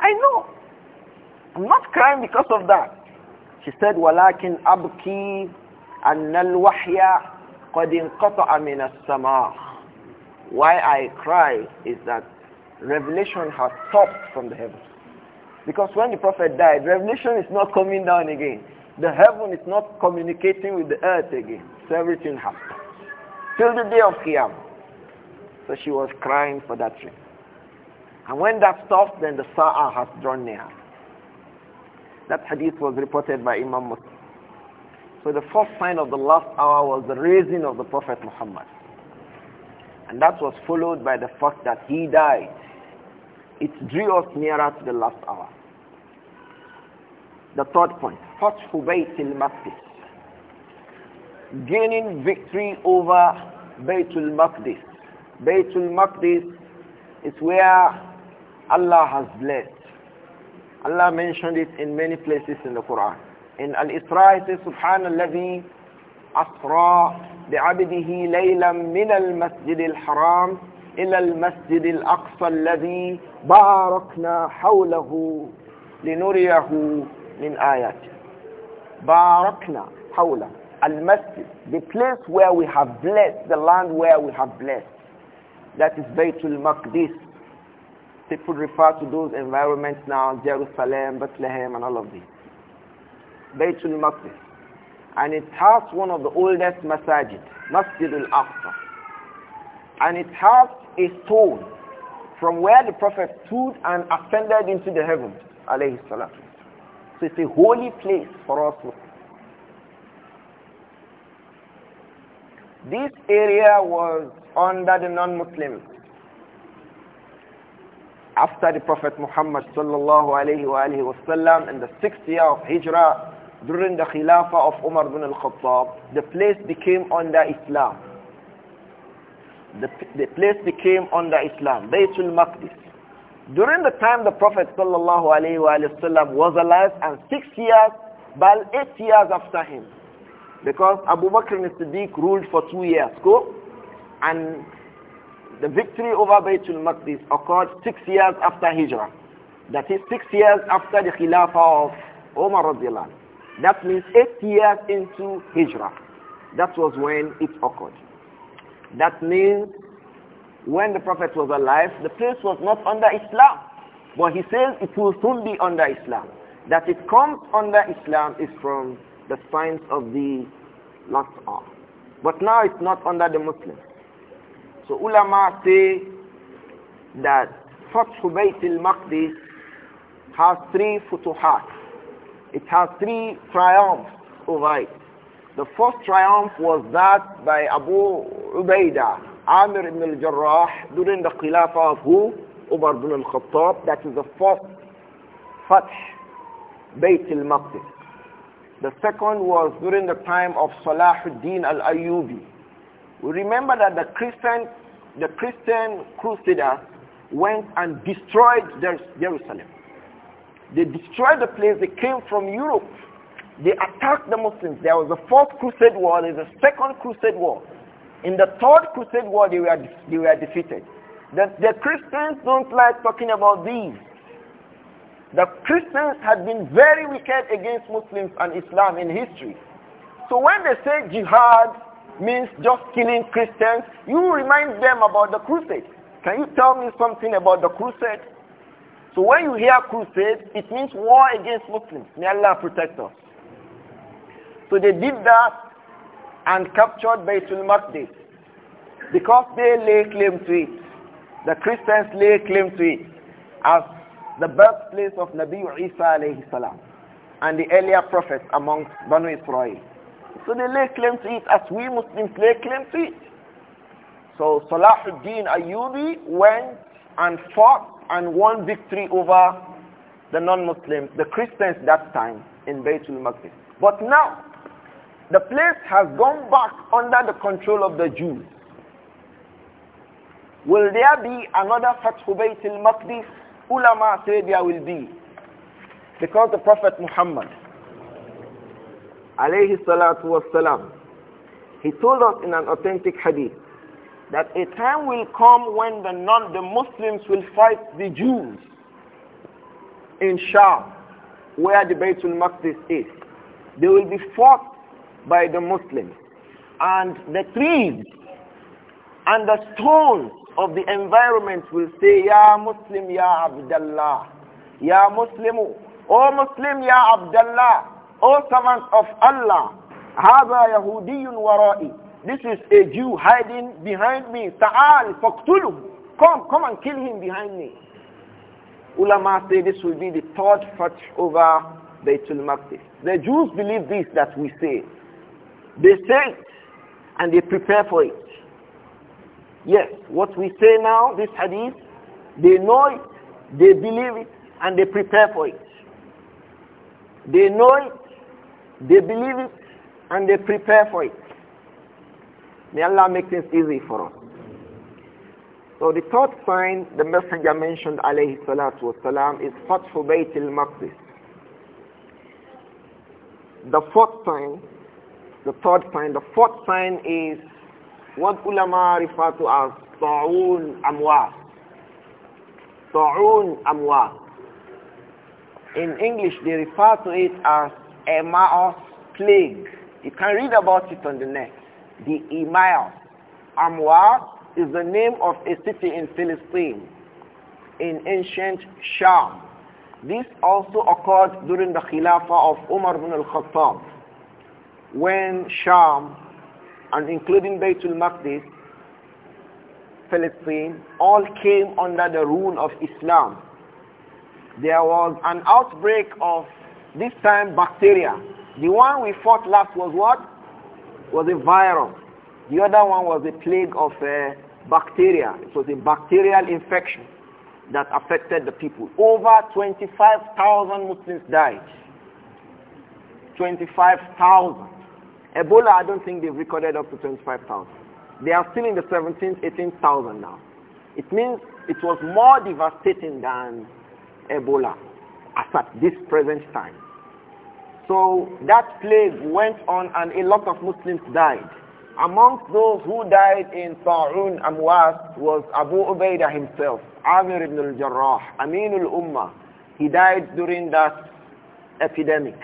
I know. I'm not crying because of that. She said, وَلَكِنْ أَبْكِي أَنَّ الْوَحْيَ قَدْ انْقَطَعَ مِنَ السَّمَاءِ why I cry is that revelation has stopped from the heavens. Because when the prophet died, revelation is not coming down again. The heaven is not communicating with the earth again. So everything has stopped. Till the day of Qiyam. So she was crying for that thing. And when that stopped, then the Sa'ah has drawn near. That hadith was reported by Imam Muslim. So the first sign of the last hour was the raising of the Prophet Muhammad. And that was followed by the fact that he died. It drew us nearer to the last hour. The third point, Fathu Baytil Maqdis. Gaining victory over Baytul Maqdis. Baytul Maqdis is where Allah has blessed. Allah mentioned it in many places in the Quran. In Al-Isra, it says, Subhanallah, أسرى بعبده ليلا من المسجد الحرام إلى المسجد الأقصى الذي باركنا حوله لنريه من آياته باركنا حوله المسجد the place where we have blessed the land where we have blessed that is Baitul Maqdis people refer to those environments now Jerusalem Bethlehem and all of this Baitul Maqdis and it has one of the oldest masajid, Masjid al-Aqsa. And it has a stone from where the Prophet stood and ascended into the heaven, alayhi salatu. So it's a holy place for us. This area was under the non-Muslims after the Prophet Muhammad sallallahu alayhi wa wasallam in the sixth year of Hijrah during the Khilafah of Umar bin al-Khattab, the place became under Islam. The, the place became under Islam, Baytul Maqdis. During the time the Prophet sallallahu wasallam was alive and six years, but eight years after him, because Abu Bakr al-Siddiq ruled for two years, go, and the victory over Baytul Maqdis occurred six years after Hijrah. That is six years after the Khilafah of Umar radiallahu that means eight years into Hijrah. That was when it occurred. That means when the Prophet was alive, the place was not under Islam. But he says it will soon be under Islam. That it comes under Islam is from the signs of the last hour. But now it's not under the Muslims. So ulama say that Fathu Bayt al-Maqdis has three futuhat. It has three triumphs over it. The first triumph was that by Abu Ubaidah, Amir ibn al-Jarrah, during the Khilafah of who? Umar ibn al-Khattab. That is the first Fath, Bayt al-Maqdis. The second was during the time of Salahuddin al-Ayyubi. We remember that the Christian, the Christian crusaders went and destroyed Jerusalem. They destroyed the place. They came from Europe. They attacked the Muslims. There was a fourth crusade war. There's a second crusade war. In the third crusade war, they were, they were defeated. The, the Christians don't like talking about these. The Christians had been very wicked against Muslims and Islam in history. So when they say jihad means just killing Christians, you remind them about the crusade. Can you tell me something about the crusade? So when you hear crusade, it means war against Muslims. May Allah protect us. So they did that and captured Baytul Maqdis because they lay claim to it. The Christians lay claim to it as the birthplace of Nabi Isa alayhi salam and the earlier prophets amongst Banu Israel. So they lay claim to it as we Muslims lay claim to it. So Salahuddin Ayyubi went and fought and won victory over the non-Muslims, the Christians that time in Baytul Maqdis. But now, the place has gone back under the control of the Jews. Will there be another Fathu Baitul Maqdis? Ulama say there will be. Because the Prophet Muhammad, alayhi salatu wasalam, he told us in an authentic hadith, that a time will come when the non the Muslims will fight the Jews in Sham, where the Baytul Maqdis is. They will be fought by the Muslims. And the trees and the stones of the environment will say, Ya Muslim, Ya Abdullah. Ya Muslimu. O Muslim, Ya Abdullah. O servant of Allah. هذا يهودي ورائي this is a Jew hiding behind me. Ta'al, faqtuluhu. Come, come and kill him behind me. Ulama say this will be the third fatih over Baitul Maqdis. The Jews believe this that we say. They say it and they prepare for it. Yes, what we say now, this hadith, they know it, they believe it, and they prepare for it. They know it, they believe it, and they prepare for it. May Allah make things easy for us. So the third sign the Messenger mentioned alayhi salatu wasalam is Fathu Bayt al-Maqdis. The fourth sign, the third sign, the fourth sign is what ulama refer to as Ta'un Amwa. Ta'un Amwa. In English they refer to it as a plague. You can read about it on the net the Emir. Amwar is the name of a city in Palestine, in ancient Sham. This also occurred during the Khilafah of Umar ibn al-Khattab, when Sham, and including Baytul Maqdis, Palestine, all came under the rule of Islam. There was an outbreak of, this time, bacteria. The one we fought last was what? was a virus. The other one was a plague of uh, bacteria. It was a bacterial infection that affected the people. Over 25,000 Muslims died. 25,000. Ebola, I don't think they've recorded up to 25,000. They are still in the 17th, 18,000 now. It means it was more devastating than Ebola as at this present time. So that plague went on and a lot of Muslims died. Amongst those who died in Ta'un Amwas was Abu Ubaidah himself, Amir ibn al-Jarrah, Amin al-Ummah. He died during that epidemic.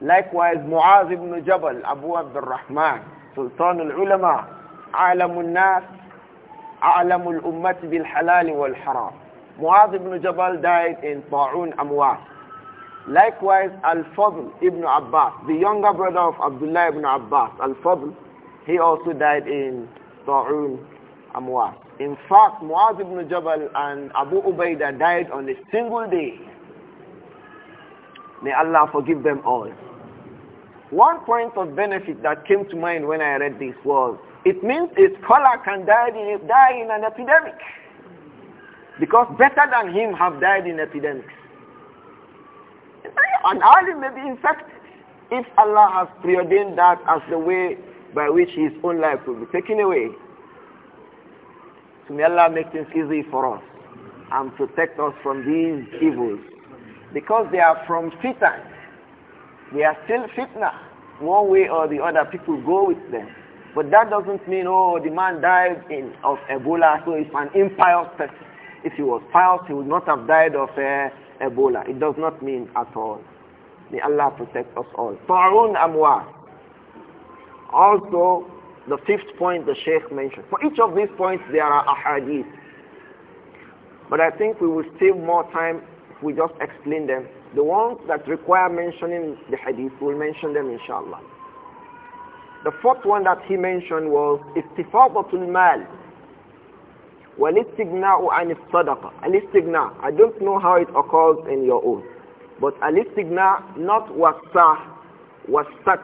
Likewise, Muaz ibn Jabal, Abu Abdul Rahman, Sultan al-Ulama, Alam al-Nas, Alam al-Ummat bil-Halal wal-Haram. Muaz ibn Jabal died in Ta'un Amwas. Likewise, Al-Fadl ibn Abbas, the younger brother of Abdullah ibn Abbas, Al-Fadl, he also died in Ta'un Amwas. In fact, Muaz ibn Jabal and Abu Ubaidah died on a single day. May Allah forgive them all. One point of benefit that came to mind when I read this was, it means a scholar can die in, die in an epidemic. Because better than him have died in epidemics. And Ali may be fact, if Allah has preordained that as the way by which his own life will be taken away. So may Allah make things easy for us and protect us from these evils. Because they are from fitan. They are still fitna. One way or the other, people go with them. But that doesn't mean, oh, the man died in, of Ebola, so it's an impious person. If he was pious, he would not have died of uh, Ebola. It does not mean at all. May Allah protect us all. Ta'un amwa. Also, the fifth point the Sheikh mentioned. For each of these points, there are ahadith. But I think we will save more time if we just explain them. The ones that require mentioning the hadith, we'll mention them inshallah. The fourth one that he mentioned was istifadatul mal wal istighna'u 'an as-sadaqa. Al-istigna', I don't know how it occurs in your own. But al-istigna, not wasah wasat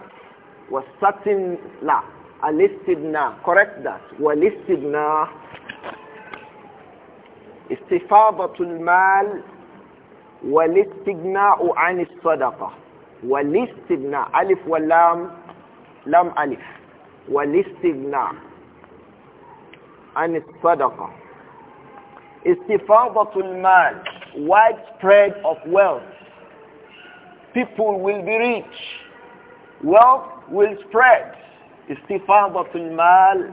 wastatin la. Al-istigna, correct that. Wal-istigna, istifadatul mal, wal-istigna'u an sadaqah. Wal-istigna, alif wal lam, lam alif. Wal-istigna, an sadaqah. Istifadatul mal, widespread of wealth people will be rich. Wealth will spread. استفاضة المال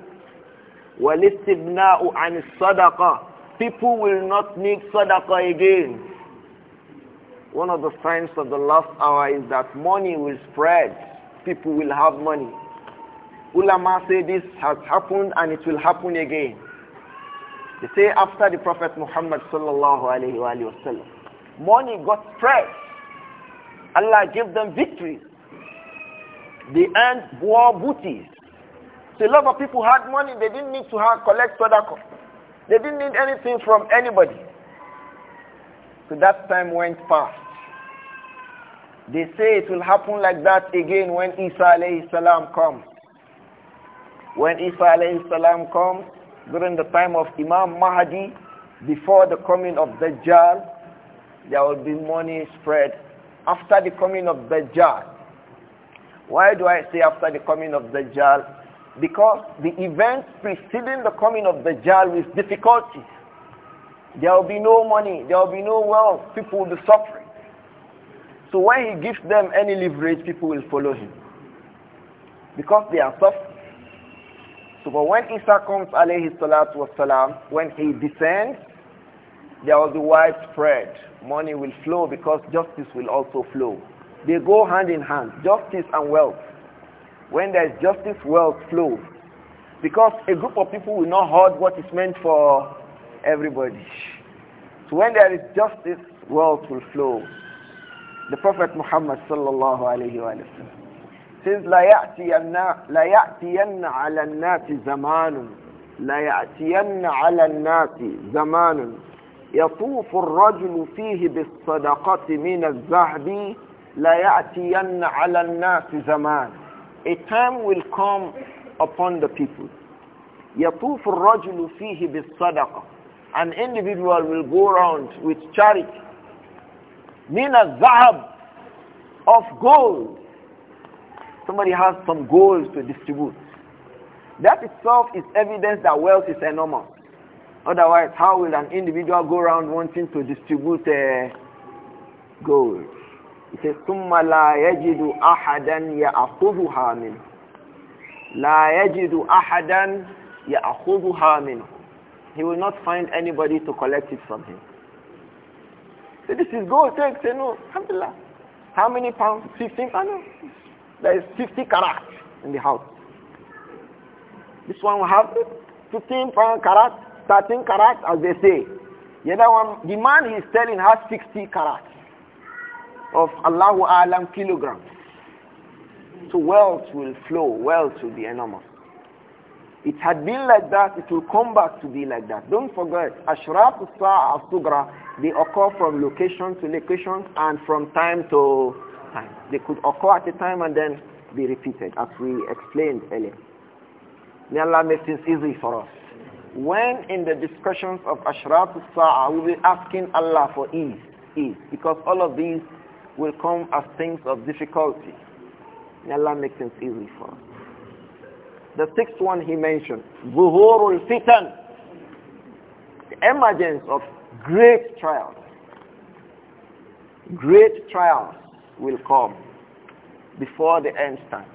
والاستغناء عن الصدقة. People will not need sadaqah again. One of the signs of the last hour is that money will spread. People will have money. Ulama say this has happened and it will happen again. They say after the Prophet Muhammad sallallahu alaihi wasallam, money got spread Allah gave them victories. They earned war booty. So a lot of people had money. They didn't need to have, collect sadaqah. They didn't need anything from anybody. So that time went past. They say it will happen like that again when Isa alayhi salam comes. When Isa alayhi salam comes, during the time of Imam Mahdi, before the coming of Dajjal, there will be money spread after the coming of Dajjal. Why do I say after the coming of Dajjal? Because the events preceding the coming of Dajjal is difficulty. There will be no money, there will be no wealth, people will be suffering. So when he gives them any leverage, people will follow him. Because they are suffering. So but when Isa comes, alayhi salatu wasalam, when he descends, there will be widespread. Money will flow because justice will also flow. They go hand in hand, justice and wealth. When there is justice, wealth flows. Because a group of people will not hoard what is meant for everybody. So when there is justice, wealth will flow. The Prophet Muhammad sallallahu alayhi wa sallam says, يأتين عَلَى النَّاسِ زَمَانٌ يأتين عَلَى النَّاسِ زَمَانٌ يطوف الرجل فيه بالصدقة من الذهب ليأتين على الناس زمان A time will come upon the people. يطوف الرجل فيه بالصدقة An individual will go around with charity. من الذهب of gold. Somebody has some gold to distribute. That itself is evidence that wealth is enormous. Otherwise, how will an individual go around wanting to distribute uh, gold? He says, ثُمَّ لَا يَجِدُ أَحَدًا يَأْخُذُهَا مِنْهُ لَا يَجِدُ أَحَدًا يَأْخُذُهَا مِنْهُ He will not find anybody to collect it from him. Say, so this is gold. Take, say, no. Alhamdulillah. How many pounds? 15? pounds. Ah, there is 50 carats in the house. This one will have 15 pound carats. 13 carats as they say. The other one, the man he's telling has 60 carats of Allahu Alam kilograms. So wealth will flow, wealth will be enormous. It had been like that, it will come back to be like that. Don't forget, Ashraf Sa'ah Sugra, they occur from location to location and from time to time. They could occur at a time and then be repeated, as we explained earlier. May Allah make things easy for us when in the discussions of Ashraf Sa'ah, we'll be asking Allah for ease, ease, because all of these will come as things of difficulty. May Allah make things easy for us. The sixth one he mentioned, Zuhurul Fitan, the emergence of great trials. Great trials will come before the end time.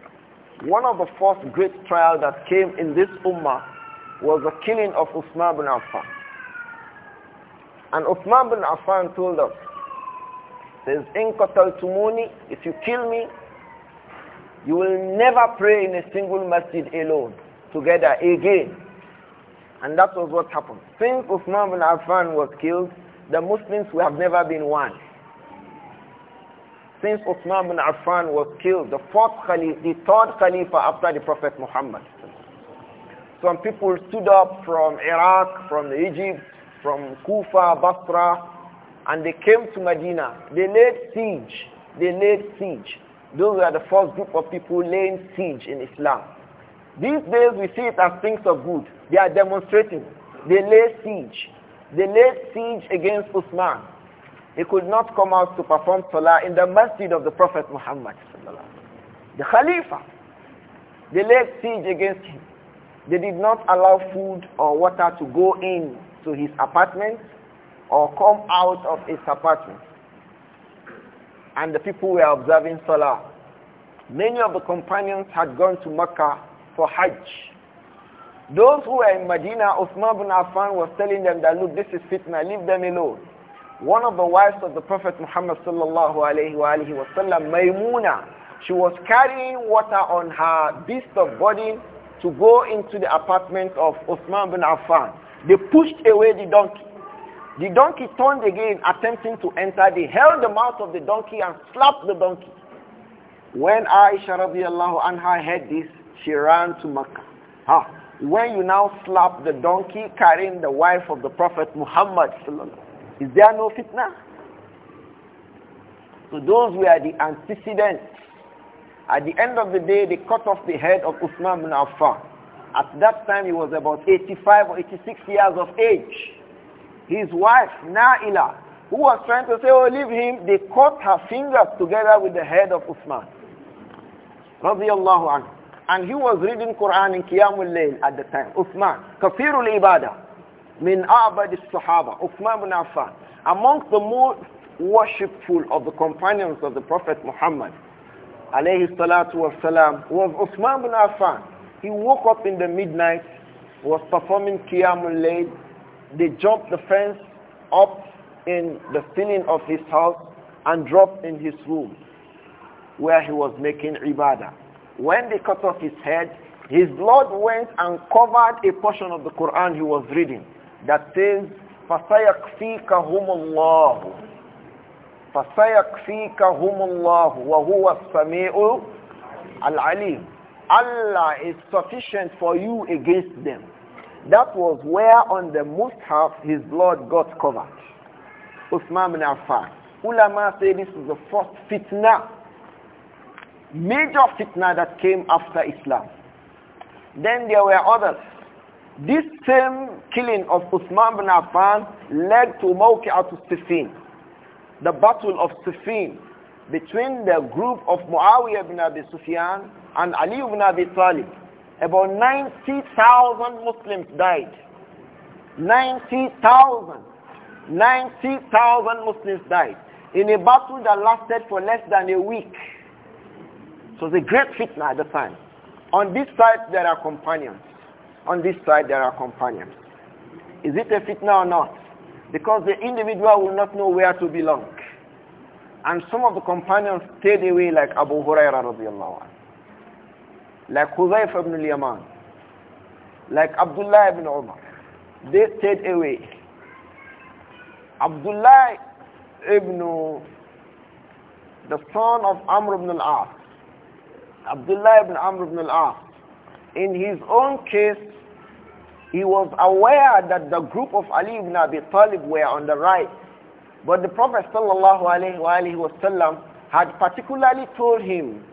One of the first great trials that came in this Ummah was the killing of Uthman bin Affan. And Uthman bin Affan told us, says, In qataltumuni, if you kill me, you will never pray in a single masjid alone, together again. And that was what happened. Since Uthman bin Affan was killed, the Muslims will have never been one. Since Uthman bin Affan was killed, the fourth Khalif, the third Khalifa after the Prophet Muhammad, some people stood up from Iraq, from Egypt, from Kufa, Basra, and they came to Medina. They laid siege. They laid siege. Those were the first group of people laying siege in Islam. These days we see it as things of good. They are demonstrating. They laid siege. They laid siege against Usman. He could not come out to perform Salah in the masjid of the Prophet Muhammad. The Khalifa. They laid siege against him. They did not allow food or water to go in to his apartment or come out of his apartment. And the people were observing Salah. Many of the companions had gone to Mecca for Hajj. Those who were in Medina, Uthman bin Affan was telling them that, look, this is fitna, leave them alone. One of the wives of the Prophet Muhammad sallallahu alayhi wa alayhi wa sallam, Maymuna, she was carrying water on her beast of burden to go into the apartment of Osman bin Affan. They pushed away the donkey. The donkey turned again, attempting to enter. They held the mouth of the donkey and slapped the donkey. When Aisha radiallahu anha heard this, she ran to Makkah. Ha. when you now slap the donkey carrying the wife of the Prophet Muhammad is there no fitna? So those were the antecedents at the end of the day, they cut off the head of Uthman bin Affan. At that time, he was about 85 or 86 years of age. His wife, Naila, who was trying to say, oh, leave him, they cut her fingers together with the head of Uthman. And he was reading Quran in Qiyamul Layl at the time. Uthman, kafirul ibadah, min abad sahaba Uthman bin Affan. Amongst the most worshipful of the companions of the Prophet Muhammad alayhi salatu wasalam, was Uthman bin Affan. He woke up in the midnight, was performing Qiyamul Layl. They jumped the fence up in the ceiling of his house and dropped in his room where he was making ibadah. When they cut off his head, his blood went and covered a portion of the Quran he was reading that says, فَسَيَكْفِيكَهُمُ اللَّهُ فَسَيَكْفِيكَهُمُ اللَّهُ وَهُوَ السَّمِيعُ الْعَلِيمُ Allah is sufficient for you against them. That was where on the Mus'haf his blood got covered. Uthman bin Affan. Ulama say this is the first fitna, major fitna that came after Islam. Then there were others. This same killing of Uthman bin Affan led to Mawqi'at al-Siffin, the battle of Siffin between the group of Muawiyah ibn Abi Sufyan and Ali ibn Abi Talib. About 90,000 Muslims died. 90,000. 90,000 Muslims died in a battle that lasted for less than a week. So it's a great fitna at the time. On this side, there are companions. On this side, there are companions. Is it a fitna or not? Because the individual will not know where to belong. And some of the companions stayed away like Abu Hurairah radiallahu anh, like Huzayf ibn al-Yaman, like Abdullah ibn Umar. They stayed away. Abdullah ibn, the son of Amr ibn al-As, Abdullah ibn Amr ibn al-As, in his own case, he was aware that the group of Ali ibn Abi Talib were on the right. But the Prophet Sallallahu Wasallam had particularly told him,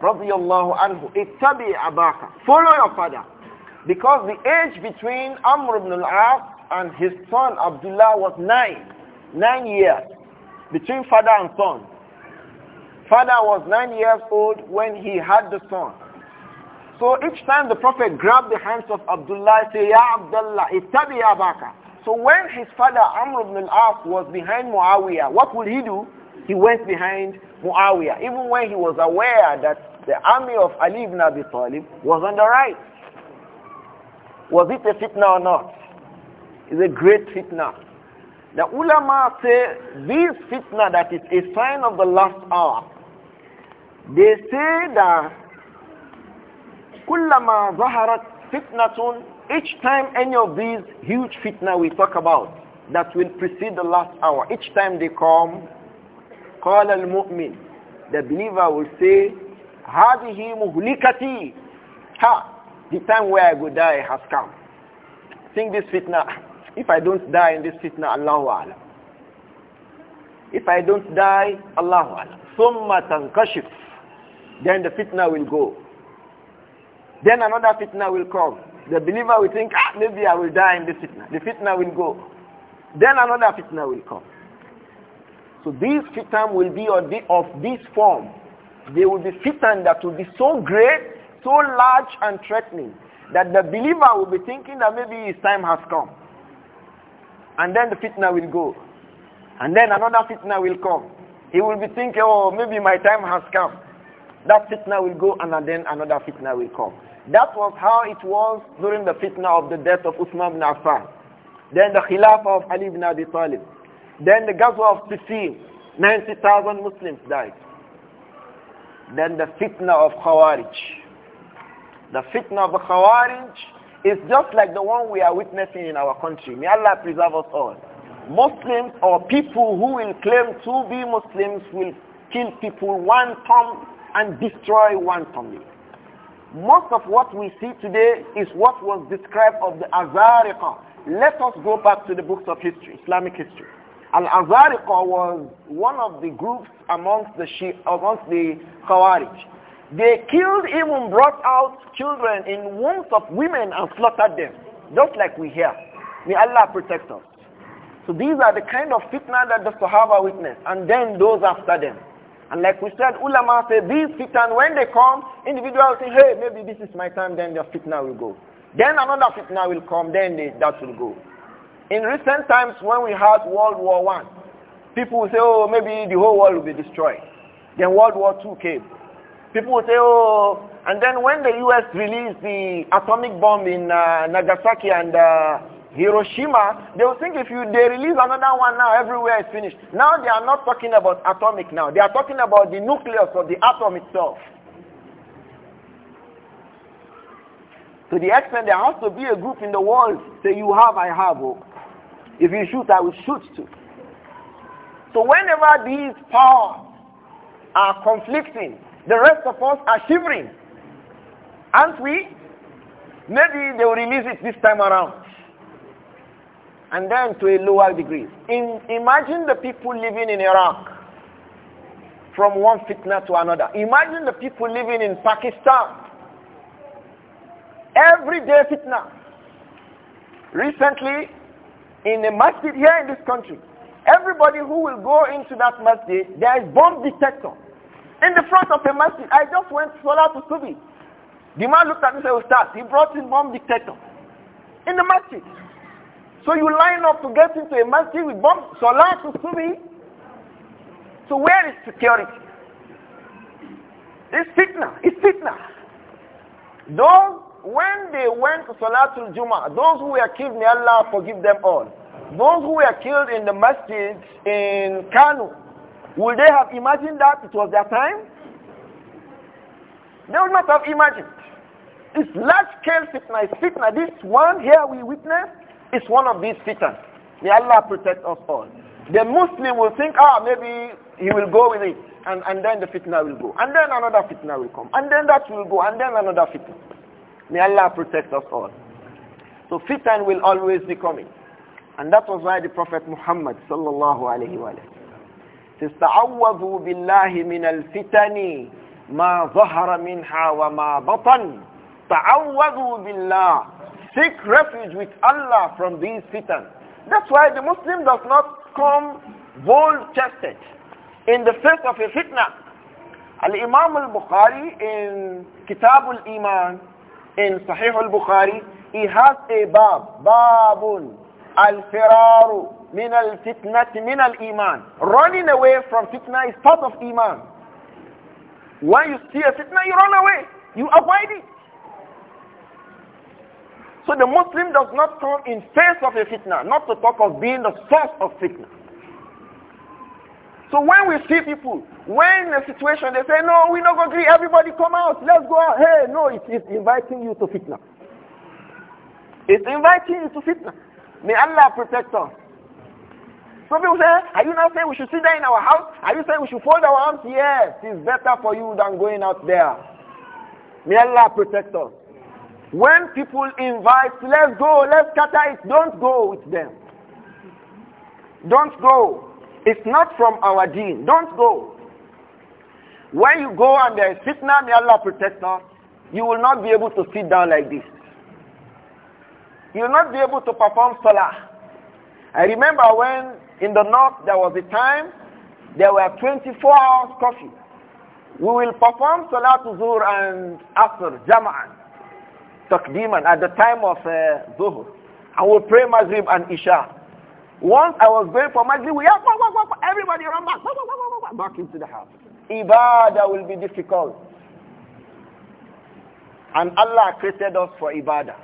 radiyallahu anhu, ittabi abaka, follow your father. Because the age between Amr ibn al-As and his son Abdullah was nine, nine years, between father and son. Father was nine years old when he had the son. So each time the Prophet grabbed the hands of Abdullah, say, Ya Abdullah, ittabi ya baka. So when his father Amr ibn al-As was behind Muawiyah, what would he do? He went behind Muawiyah, even when he was aware that the army of Ali ibn Abi Talib was on the right. Was it a fitna or not? It's a great fitna. The ulama say this fitna that is a sign of the last hour. They say that Kullama zaharat fitnatun. each time any of these huge fitna we talk about that will precede the last hour each time they come al mu'min, the believer will say هذه muhlikati." ha the time where I go die has come think this fitna if I don't die in this fitna Allahu Alam if I don't die Allahu Alam ثم then the fitna will go then another fitna will come. The believer will think, ah, maybe I will die in this fitna. The fitna will go. Then another fitna will come. So these fitan will be of, this form. They will be fitan that will be so great, so large and threatening that the believer will be thinking that maybe his time has come. And then the fitna will go. And then another fitna will come. He will be thinking, oh, maybe my time has come. That fitna will go and then another fitna will come. That was how it was during the fitna of the death of Uthman ibn Affan. Then the Khilafah of Ali ibn Abi Talib. Then the Ghazwa of Siffin. 90,000 Muslims died. Then the fitna of Khawarij. The fitna of Khawarij is just like the one we are witnessing in our country. May Allah preserve us all. Muslims or people who will claim to be Muslims will kill people one time and destroy one family. Most of what we see today is what was described of the Azariqa. Let us go back to the books of history, Islamic history. Al-Azariqa was one of the groups amongst the Shia, amongst the Khawarij. They killed, even brought out children in wombs of women and slaughtered them, just like we hear. May Allah protect us. So these are the kind of fitna that the Sahaba witnessed, and then those after them. And like we said, ulama say these fitan, when they come, individuals say, hey, maybe this is my time, then the fitna will go. Then another fitna will come, then they, that will go. In recent times, when we had World War One, people will say, oh, maybe the whole world will be destroyed. Then World War Two came. People will say, oh, and then when the U.S. released the atomic bomb in uh, Nagasaki and uh, Hiroshima, they will think if you they release another one now, everywhere is finished. Now they are not talking about atomic now. They are talking about the nucleus of the atom itself. To the extent there has to be a group in the world say you have, I have. Oh. If you shoot, I will shoot too. So whenever these powers are conflicting, the rest of us are shivering. Aren't we? Maybe they will release it this time around and then to a lower degree. In, imagine the people living in Iraq from one fitna to another. Imagine the people living in Pakistan. Everyday fitna. Recently, in a masjid here in this country, everybody who will go into that masjid, there is bomb detector. In the front of the masjid, I just went to solar to Subi. The man looked at me and said, Ustaz, he brought his bomb detector. In the masjid. So you line up to get into a masjid with bombs. Salah to Subi. So where is security? It's fitna. It's fitna. Those, when they went to Salatul Juma, those who were killed, may Allah forgive them all. Those who were killed in the masjid in Kanu, would they have imagined that it was their time? They would not have imagined. It's large-scale fitna. It's fitna. This one here we witnessed is one of these fitness. May Allah protect us all. The Muslim will think, ah, maybe he will go with it. And, and then the fitna will go. And then another fitna will come. And then that will go. And then another fitna. May Allah protect us all. So fitan will always be coming. And that was why the Prophet Muhammad sallallahu alayhi wa says, تَعَوَّذُوا بِاللَّهِ مِنَ الْفِتَنِ مَا ظَهَرَ مِنْهَا وَمَا بَطَنِ تَعَوَّذُوا بِاللَّهِ Seek refuge with Allah from these satans. That's why the Muslim does not come bold-chested in the face of a fitna. Al-Imam al-Bukhari in Kitab al-Iman, in Sahih al-Bukhari, he has a bab, babun, al-firaru, min al-fitnati, min al-Iman. Running away from fitna is part of Iman. When you see a fitna, you run away. You avoid it. So the Muslim does not come in face of a fitna, not to talk of being the source of fitna. So when we see people, when a situation, they say, no, we're not going to agree, everybody come out, let's go out. Hey, no, it is inviting you to fitna. It's inviting you to fitna. May Allah protect us. Some people say, are you not saying we should sit there in our house? Are you saying we should fold our arms? Yes, it's better for you than going out there. May Allah protect us. When people invite, let's go, let's scatter it, don't go with them. Don't go. It's not from our deen. Don't go. When you go and there is fitna, may Allah protect us, you will not be able to sit down like this. You will not be able to perform salah. I remember when in the north there was a time there were 24 hours coffee. We will perform salah zuhr and asr, jama'ah takdiman at the time of uh, Zuhur. I will pray Maghrib and Isha. Once I was going for Maghrib, we have, walk, walk, walk, everybody run back, back into the house. Ibadah will be difficult. And Allah created us for Ibadah.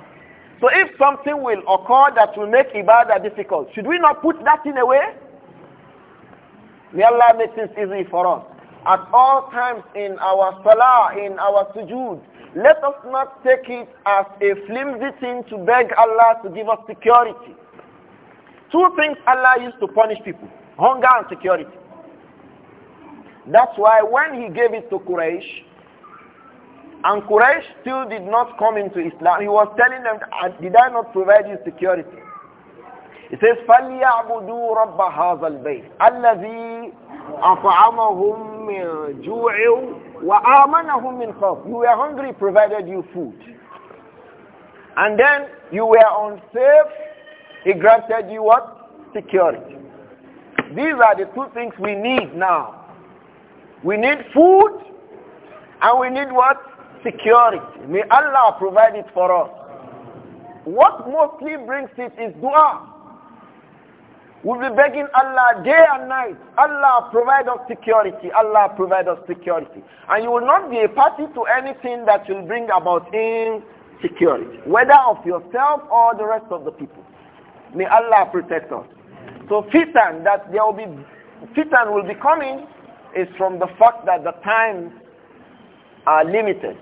So if something will occur that will make Ibadah difficult, should we not put that in a way? May Allah make things easy for us. At all times in our salah, in our sujood, let us not take it as a flimsy thing to beg Allah to give us security. Two things Allah used to punish people, hunger and security. That's why when he gave it to Quraysh, and Quraysh still did not come into Islam, he was telling them, ah, did I not provide you security? It says, فَلْيَعْبُدُوا رَبَّ هَذَا الْبَيْتِ الَّذِي أَطْعَمَهُم مِّن جُوعٍ وَآمَنَهُمْ مِنْ خَوْفٍ You were hungry, provided you food. And then you were unsafe, he granted you what? Security. These are the two things we need now. We need food and we need what? Security. May Allah provide it for us. What mostly brings it is dua. We'll be begging Allah day and night. Allah provide us security. Allah provide us security. And you will not be a party to anything that will bring about insecurity, whether of yourself or the rest of the people. May Allah protect us. So fitan that there will be fitan will be coming is from the fact that the times are limited.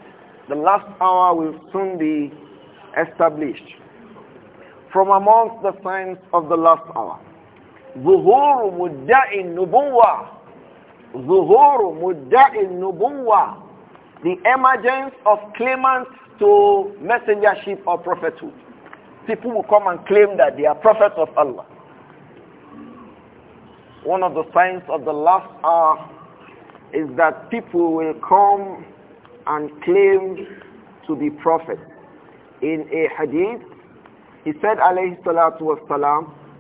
The last hour will soon be established. From amongst the signs of the last hour. ظهور مدعي النبوة ظهور مدعي النبوة the emergence of claimants to messengership or prophethood people will come and claim that they are prophets of Allah one of the signs of the last hour is that people will come and claim to be prophets in a hadith he said alayhi salatu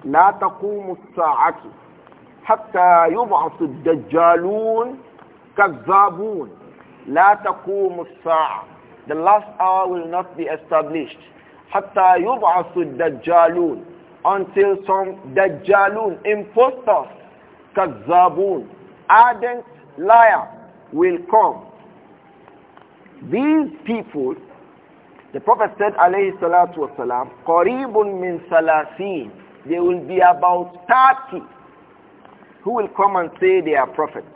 لا تقوم الساعة حتى يبعث الدجالون كذابون لا تقوم الساعة The last hour will not be established حتى يبعث الدجالون until some دجالون imposters كذابون ardent liar will come these people the prophet said عليه الصلاة والسلام قريب من ثلاثين there will be about 30 who will come and say they are prophets.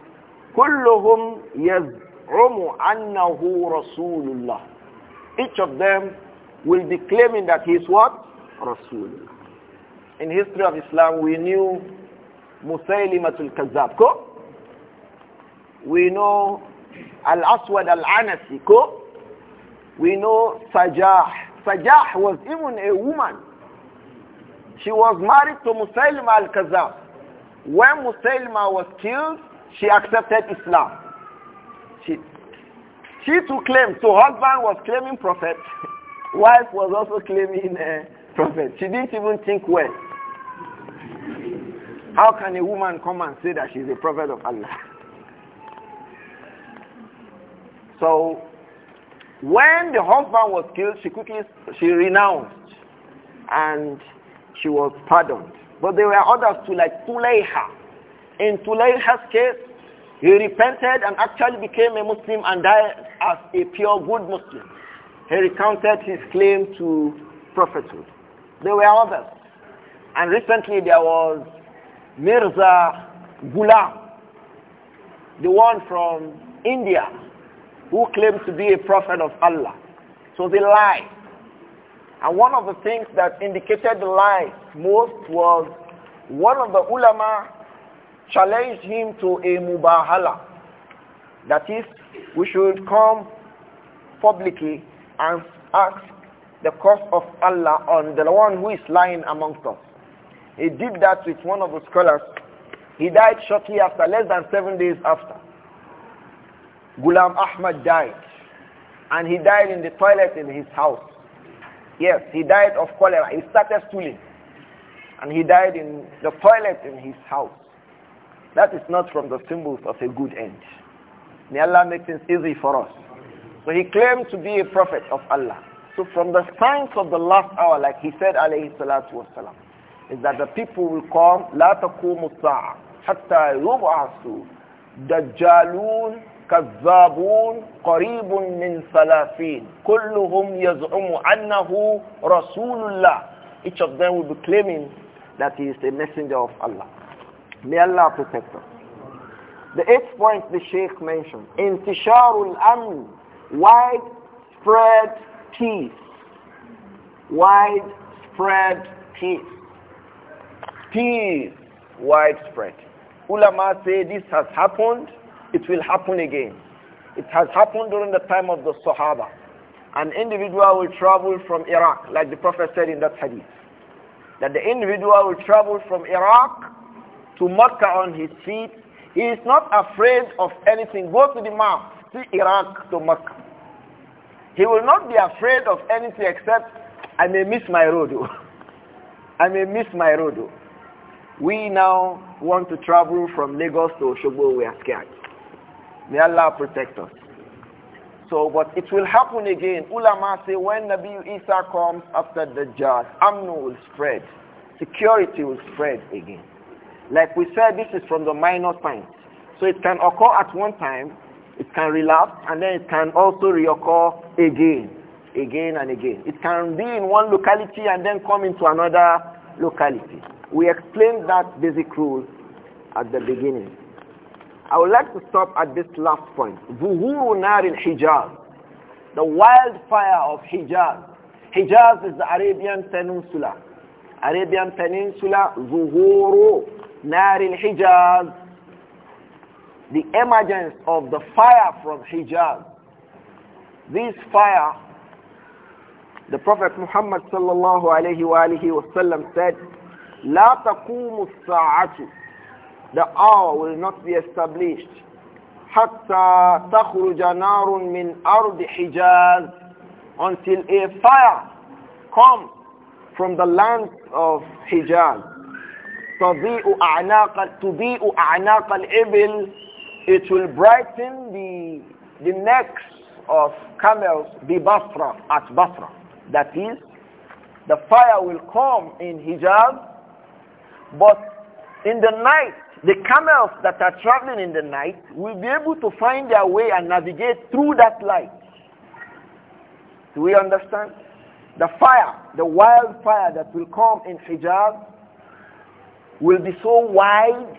كلهم يزعم أنه رسول الله. Each of them will be claiming that he is what? Rasul. In history of Islam, we knew Musaylimatul الكذاب. Ko? We know Al-Aswad al We know سجاح. سجاح was even a woman she was married to Musaylima al-Kazab. When Musaylima was killed, she accepted Islam. She, she too claimed. So husband was claiming prophet. (laughs) Wife was also claiming uh, prophet. She didn't even think well. How can a woman come and say that she's a prophet of Allah? (laughs) So when the husband was killed, she quickly she renounced and she was pardoned. But there were others too, like tuleha. In Tuleha's case, he repented and actually became a Muslim and died as a pure good Muslim. He recounted his claim to prophethood. There were others. And recently there was Mirza Ghulam, the one from India, who claimed to be a prophet of Allah. So they lied. And one of the things that indicated the lie most was one of the ulama challenged him to a mubahala. That is, we should come publicly and ask the cause of Allah on the one who is lying amongst us. He did that with one of the scholars. He died shortly after, less than seven days after. Ghulam Ahmad died. And he died in the toilet in his house. Yes, he died of cholera. He started stooling. And he died in the toilet in his house. That is not from the symbols of a good end. May Allah make things easy for us. So he claimed to be a prophet of Allah. So from the signs of the last hour, like he said, alayhi salatu wasalam, is that the people will come, لا تقوم الساعة حتى يبعثوا دجالون كذابون قريب من ثلاثين كلهم يزعم أنه رسول الله each of them will be claiming that he is a messenger of Allah may Allah protect us the eighth point the sheikh mentioned انتشار الأمن widespread peace widespread peace peace widespread ulama say this has happened it will happen again. It has happened during the time of the Sahaba. An individual will travel from Iraq, like the Prophet said in that hadith. That the individual will travel from Iraq to Mecca on his feet. He is not afraid of anything. Go to the map. See Iraq to Mecca. He will not be afraid of anything except, I may miss my road. Oh. (laughs) I may miss my road. Oh. We now want to travel from Lagos to Osogbo. We are scared. May Allah protect us. So, but it will happen again. Ulama say when Nabi Isa comes after the Dajjal, Amnu will spread. Security will spread again. Like we said, this is from the minor signs. So it can occur at one time, it can relapse, and then it can also reoccur again, again and again. It can be in one locality and then come into another locality. We explained that basic rule at the beginning. I would like to stop at this last point. Zuhuru nar Hijaz. The wildfire of Hijaz. Hijaz is the Arabian Peninsula. Arabian Peninsula, Zuhuru nar Hijaz. The emergence of the fire from Hijaz. This fire, the Prophet Muhammad sallallahu alayhi wa wa sallam said, لا تقوم الساعة the hour will not be established حتى تخرج نار من أرض حجاز until a fire comes from the land of Hijaz تضيء أعناق تضيء أعناق الإبل it will brighten the the necks of camels the Basra at Basra that is the fire will come in Hijaz but in the night the camels that are traveling in the night will be able to find their way and navigate through that light. Do we understand? The fire, the wildfire that will come in Hijab will be so wide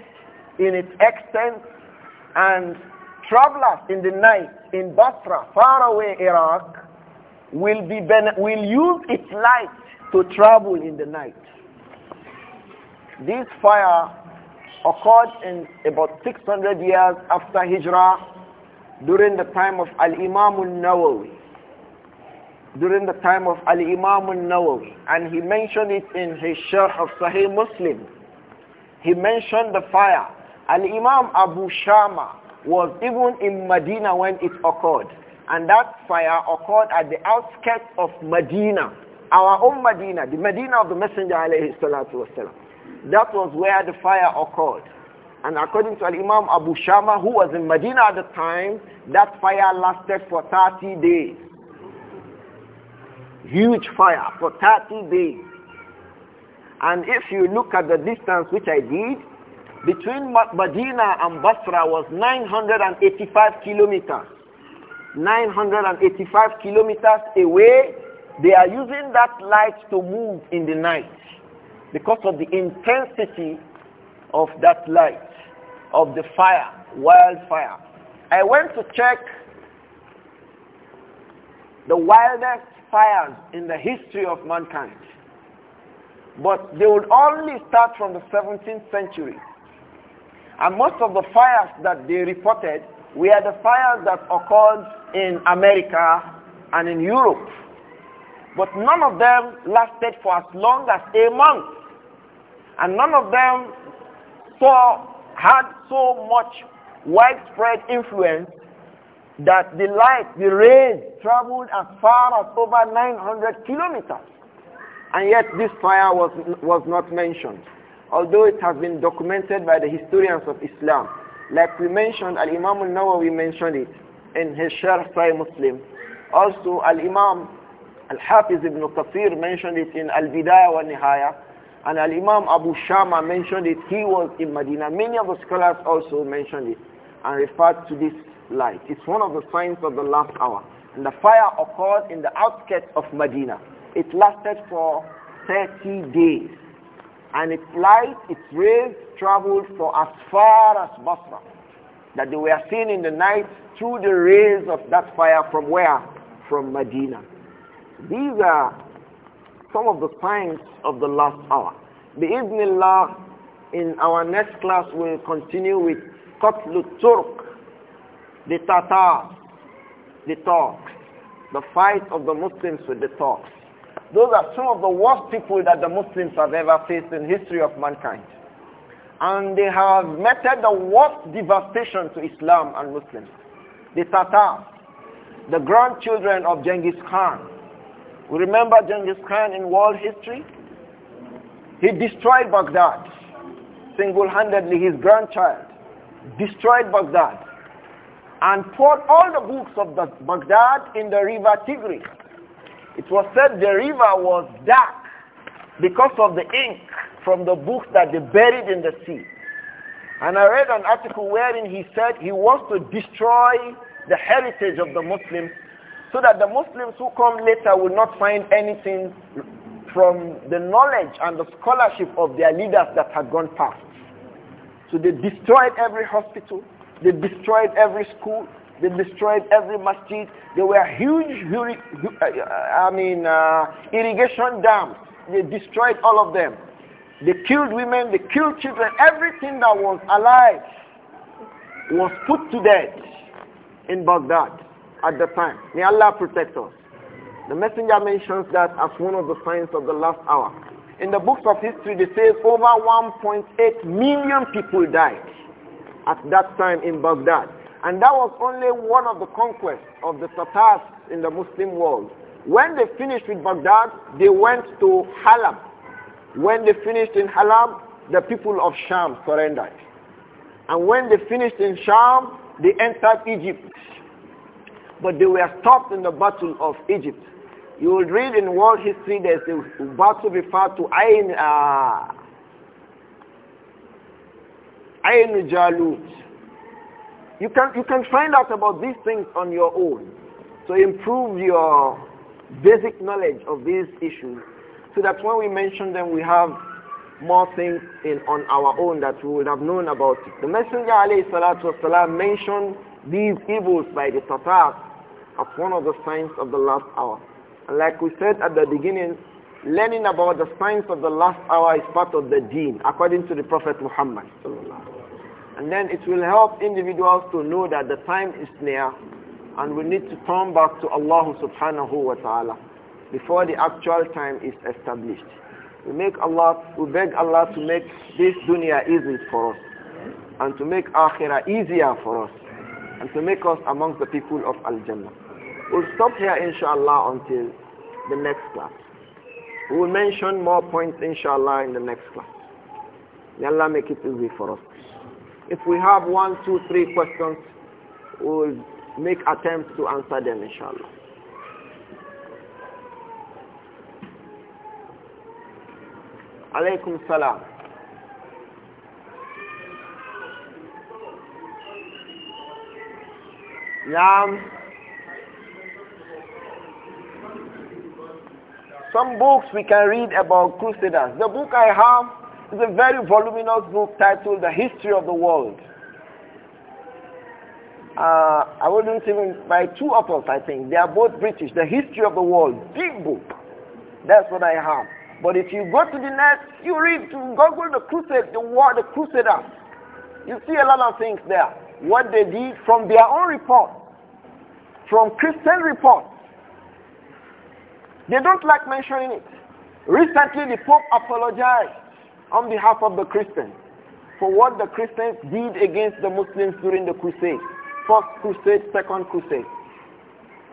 in its extent and travelers in the night in Basra, far away Iraq, will, be will use its light to travel in the night. This fire occurred in about 600 years after Hijrah during the time of Al-Imam al-Nawawi. During the time of Al-Imam al-Nawawi. And he mentioned it in his Sharh of Sahih Muslim. He mentioned the fire. Al-Imam Abu Shama was even in Medina when it occurred. And that fire occurred at the outskirts of Medina. Our own Medina, the Medina of the Messenger alayhi salatu wasalam. That was where the fire occurred. And according to Imam Abu Shama, who was in Medina at the time, that fire lasted for 30 days. Huge fire for 30 days. And if you look at the distance which I did, between Medina and Basra was 985 kilometers. 985 kilometers away, they are using that light to move in the night because of the intensity of that light, of the fire, wildfire. I went to check the wildest fires in the history of mankind. But they would only start from the 17th century. And most of the fires that they reported were the fires that occurred in America and in Europe. But none of them lasted for as long as a month. And none of them saw, had so much widespread influence that the light, the rays, traveled as far as over 900 kilometers. And yet this fire was, was not mentioned, although it has been documented by the historians of Islam. Like we mentioned, Al-Imam al-Nawawi mentioned it in his Sharh Sahih Muslim. Also, Al-Imam Al-Hafiz ibn Qasir mentioned it in Al-Bidayah wa Nihaya. And Al-Imam Abu Shama mentioned it. He was in Medina. Many of the scholars also mentioned it and referred to this light. It's one of the signs of the last hour. And the fire occurred in the outskirts of Medina. It lasted for 30 days. And its light, its rays traveled for as far as Basra. That they were seen in the night through the rays of that fire from where? From Medina. These are some of the signs of the last hour. The idhnillah in our next class we'll continue with Qatlu Turk, the Tatars, the Turks, the fight of the Muslims with the Turks. Those are some of the worst people that the Muslims have ever faced in history of mankind. And they have meted the worst devastation to Islam and Muslims. The Tatars, the grandchildren of Genghis Khan, we remember Genghis Khan in world history? He destroyed Baghdad single-handedly, his grandchild, destroyed Baghdad and poured all the books of the Baghdad in the river Tigris. It was said the river was dark because of the ink from the books that they buried in the sea. And I read an article wherein he said he wants to destroy the heritage of the Muslims so that the Muslims who come later will not find anything from the knowledge and the scholarship of their leaders that had gone past. So they destroyed every hospital, they destroyed every school, they destroyed every masjid. There were huge, uh, I mean, uh, irrigation dams. They destroyed all of them. They killed women, they killed children. Everything that was alive was put to death in Baghdad at the time. May Allah protect us. The messenger mentions that as one of the signs of the last hour. In the books of history, they say over 1.8 million people died at that time in Baghdad. And that was only one of the conquests of the Tatars in the Muslim world. When they finished with Baghdad, they went to Halab. When they finished in Halab, the people of Sham surrendered. And when they finished in Sham, they entered Egypt but they were stopped in the battle of Egypt. You will read in world history there's a battle referred to Ain uh, Ain Jalut. You can you can find out about these things on your own. So improve your basic knowledge of these issues so that when we mention them we have more things in, on our own that we would have known about. The Messenger alayhi salatu wasalam mentioned these evils by the Tatars as one of the signs of the last hour. And like we said at the beginning, learning about the signs of the last hour is part of the deen, according to the Prophet Muhammad. And then it will help individuals to know that the time is near and we need to turn back to Allah subhanahu wa ta'ala before the actual time is established. We make Allah, we beg Allah to make this dunya easy for us and to make akhirah easier for us and to make us amongst the people of Al-Jannah. We'll stop here inshallah until the next class. We will mention more points inshallah in the next class. May Allah make it easy for us. If we have one, two, three questions, we will make attempts to answer them inshallah. Alaykum salam. Yam. Some books we can read about crusaders. The book I have is a very voluminous book titled The History of the World. Uh, I wouldn't even, by two authors I think. They are both British. The History of the World. Big book. That's what I have. But if you go to the net, you read, to Google the crusade, the war, the crusaders. You see a lot of things there. What they did from their own report from Christian reports. They don't like mentioning it. Recently, the Pope apologized on behalf of the Christians for what the Christians did against the Muslims during the Crusade. First Crusade, Second Crusade.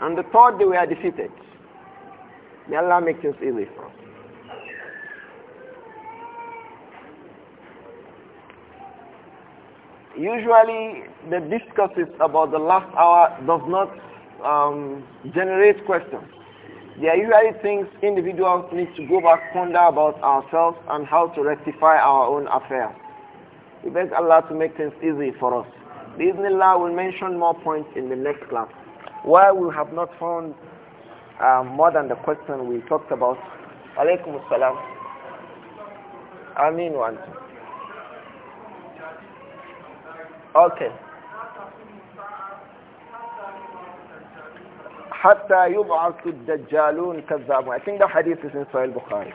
And the third, they were defeated. May Allah make things easy for us. Usually, the discussions about the last hour does not um, generate questions. They are usually things individuals need to go back, ponder about ourselves and how to rectify our own affairs. We beg Allah to make things easy for us. Allah will mention more points in the next class. Why we have not found uh, more than the question we talked about. Alaykum as-salam. Ameen wa Okay. حتى يبعث الدجالون كذابون. I think the hadith is in Sahih Bukhari.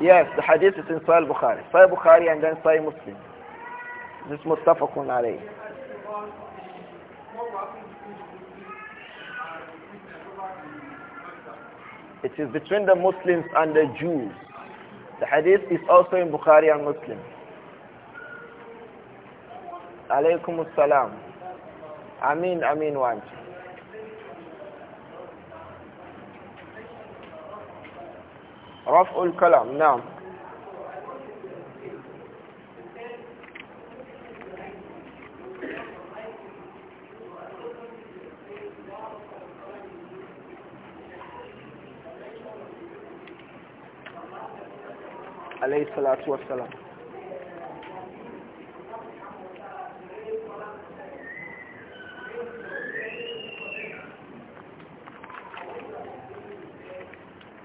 Yes, the hadith is in Sahih Bukhari. Sahih Bukhari and then Sahih Muslim. This is It is between the Muslims and the Jews. The hadith is also in Bukhari and Muslims. عليكم السلام امين امين وانت. رفع الكلام نعم عليه الصلاة والسلام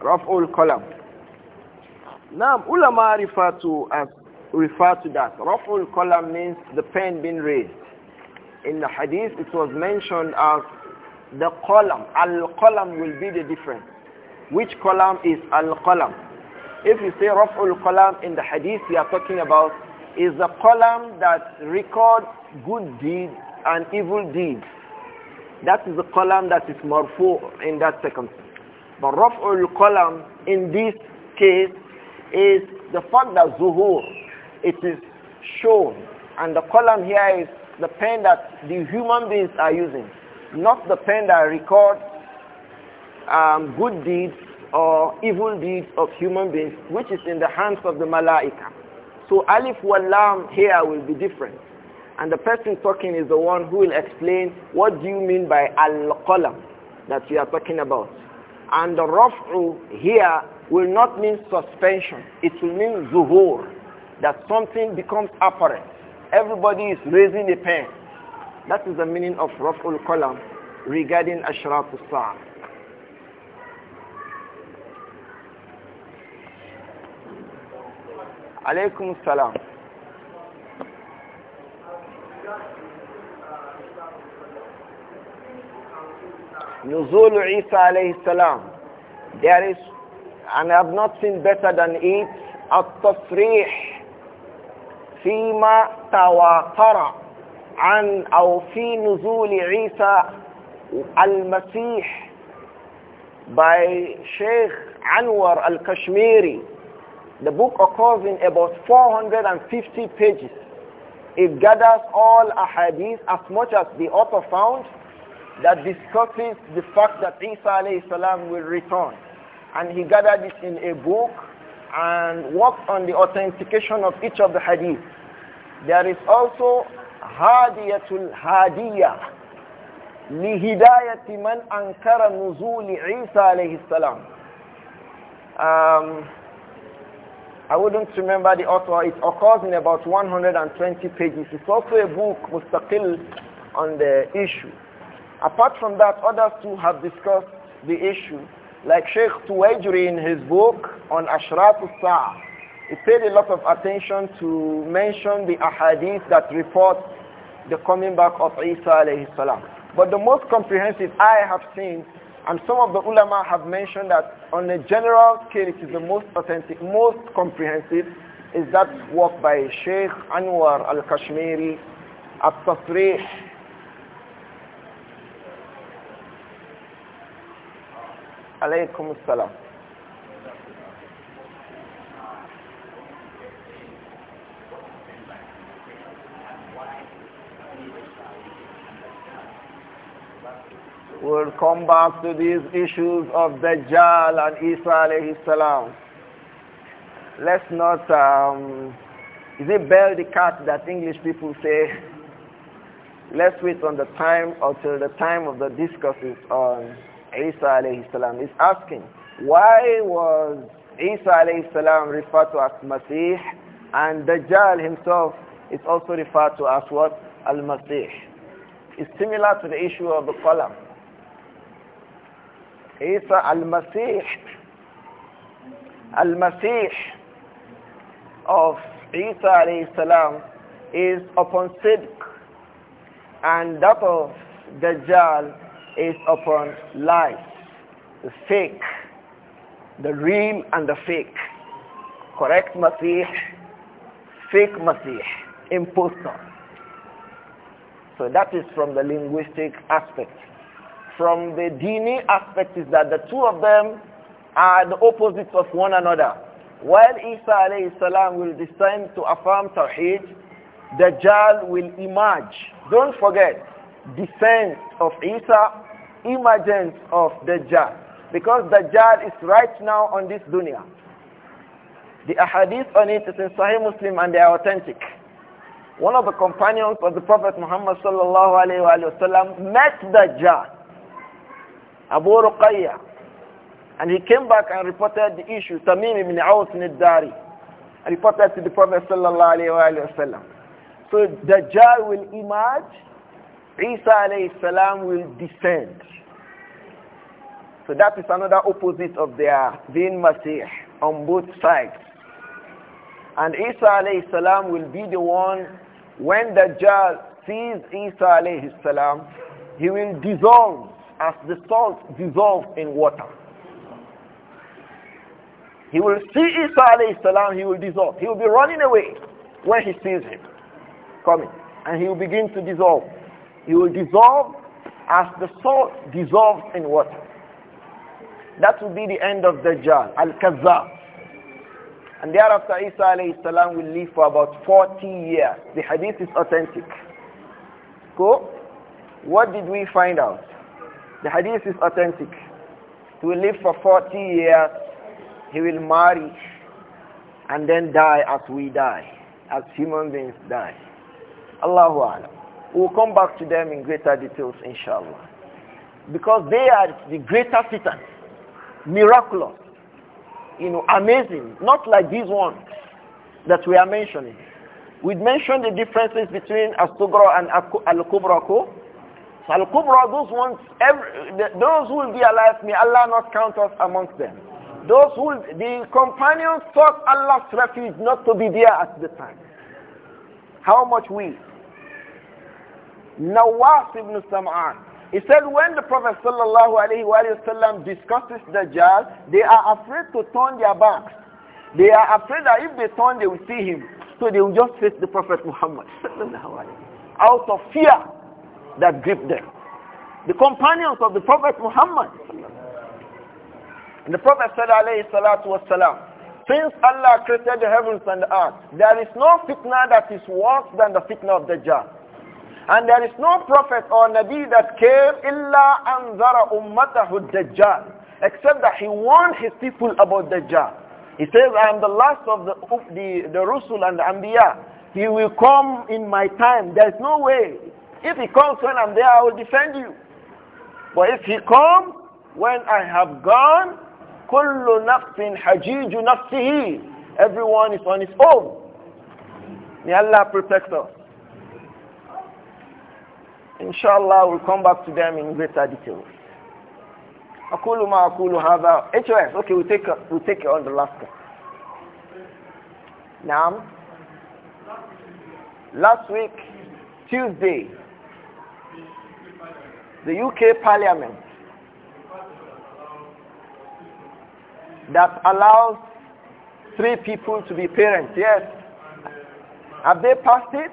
Raf'ul Qalam. Now, ulama refer to as refer to that. Raf'ul Qalam means the pen being raised. In the hadith, it was mentioned as the column. Al-Qalam will be the difference. Which column is Al-Qalam? If you say Raf'ul Qalam in the hadith we are talking about is the column that records good deeds and evil deeds. That is the column that is marfu in that circumstance. But Raf'ul Qalam in this case is the fact that Zuhur, it is shown. And the column here is the pen that the human beings are using, not the pen that records um, good deeds or evil deeds of human beings, which is in the hands of the malaika. So alif walam here will be different. And the person talking is the one who will explain what do you mean by al-qalam that you are talking about. And the raf'u here will not mean suspension. It will mean zuhur, that something becomes apparent. Everybody is raising a pen. That is the meaning of raf'ul kalam regarding ashraf as-sa'ah. Alaykum salam. Nuzul Isa alayhi salam. There is, and I have not seen better than it, التصريح فيما تواتر عن أو في نزول عيسى المسيح by Sheikh Anwar al-Kashmiri. The book occurs in about 450 pages. It gathers all ahadith as much as the author found that discusses the fact that Isa salam will return. And he gathered it in a book and worked on the authentication of each of the hadith. There is also Hadiyatul Hadiyah لِهِدَايَةِ مَنْ أَنْكَرَ نُزُولِ عِيسَى عَلَيْهِ السَّلَامِ um, I wouldn't remember the author. It occurs in about 120 pages. It's also a book, Mustaqil, on the issue. Apart from that, others too have discussed the issue. Like Sheikh Tuwajri in his book on Ashratu al he paid a lot of attention to mention the ahadith that report the coming back of Isa alayhi salam. But the most comprehensive I have seen, and some of the ulama have mentioned that on a general scale it is the most authentic, most comprehensive, is that work by Sheikh Anwar al-Kashmiri, At-Tasrih Alaykum We'll come back to these issues of Dajjal and Isa alayhi salam. Let's not, um, is it bell the cat that English people say? (laughs) Let's wait on the time until the time of the is on Isa alayhi salam is asking, why was Isa alayhi salam referred to as Masih and Dajjal himself is also referred to as what? Al-Masih. is similar to the issue of the column. Isa al-Masih, al-Masih of Isa alayhi salam is upon Sidq and that of Dajjal is upon lies, the fake, the real and the fake. Correct Masih, fake Masih, impostor. So that is from the linguistic aspect. From the dini aspect is that the two of them are the opposites of one another. While Isa salam will descend to affirm Tawheed, Dajjal will emerge. Don't forget, descent of Isa, emergence of Dajjal. Because Dajjal is right now on this dunya. The ahadith on it is in Sahih Muslim and they are authentic. One of the companions of the Prophet Muhammad sallallahu alayhi wa sallam met Dajjal, Abu Ruqayya. And he came back and reported the issue, Tamim ibn Aus al and Reported to the Prophet sallallahu alayhi wa sallam. So Dajjal will emerge Isa alayhi salam will descend. So that is another opposite of their being Masih on both sides. And Isa alayhi salam will be the one when Dajjal sees Isa alayhi salam, he will dissolve as the salt dissolves in water. He will see Isa alayhi salam, he will dissolve. He will be running away when he sees him coming. And he will begin to dissolve. He will dissolve as the salt dissolves in water. That will be the end of Dajjal, Al-Kazzab. And thereafter Isa alayhi salam will live for about 40 years. The hadith is authentic. So, What did we find out? The hadith is authentic. He will live for 40 years. He will marry and then die as we die, as human beings die. Allahu Alam. We'll come back to them in greater details, inshallah. Because they are the greater fitans, miraculous, you know, amazing, not like these ones that we are mentioning. We would mentioned the differences between Astugra and Al-Kubra. Al-Kubra, those ones, every, those who will be alive, may Allah not count us amongst them. Those who, the companions thought Allah's refuge not to be there at the time. How much we? Nawas ibn Sam'an. He said when the Prophet ﷺ discusses Dajjal, they are afraid to turn their backs. They are afraid that if they turn, they will see him. So they will just face the Prophet Muhammad out of fear that gripped them. The companions of the Prophet Muhammad. And the Prophet said, alayhi salatu wasalam, since Allah created the heavens and the earth, there is no fitna that is worse than the fitna of Dajjal. And there is no prophet or Nabi that came illa anzara ummatahu dajjal. Except that he warned his people about Dajjal. He says, I am the last of the, the, the Rusul and the Anbiya. He will come in my time. There is no way. If he comes when I'm there, I will defend you. But if he comes when I have gone, kullu nafsin حجيج nafsihi. Everyone is on his own. May Allah protect us. Inshallah, we'll come back to them in greater detail. Akulu ma akulu هذا HOS okay we take we take on the last one. نعم last week Tuesday the UK Parliament that allows three people to be parents yes have they passed it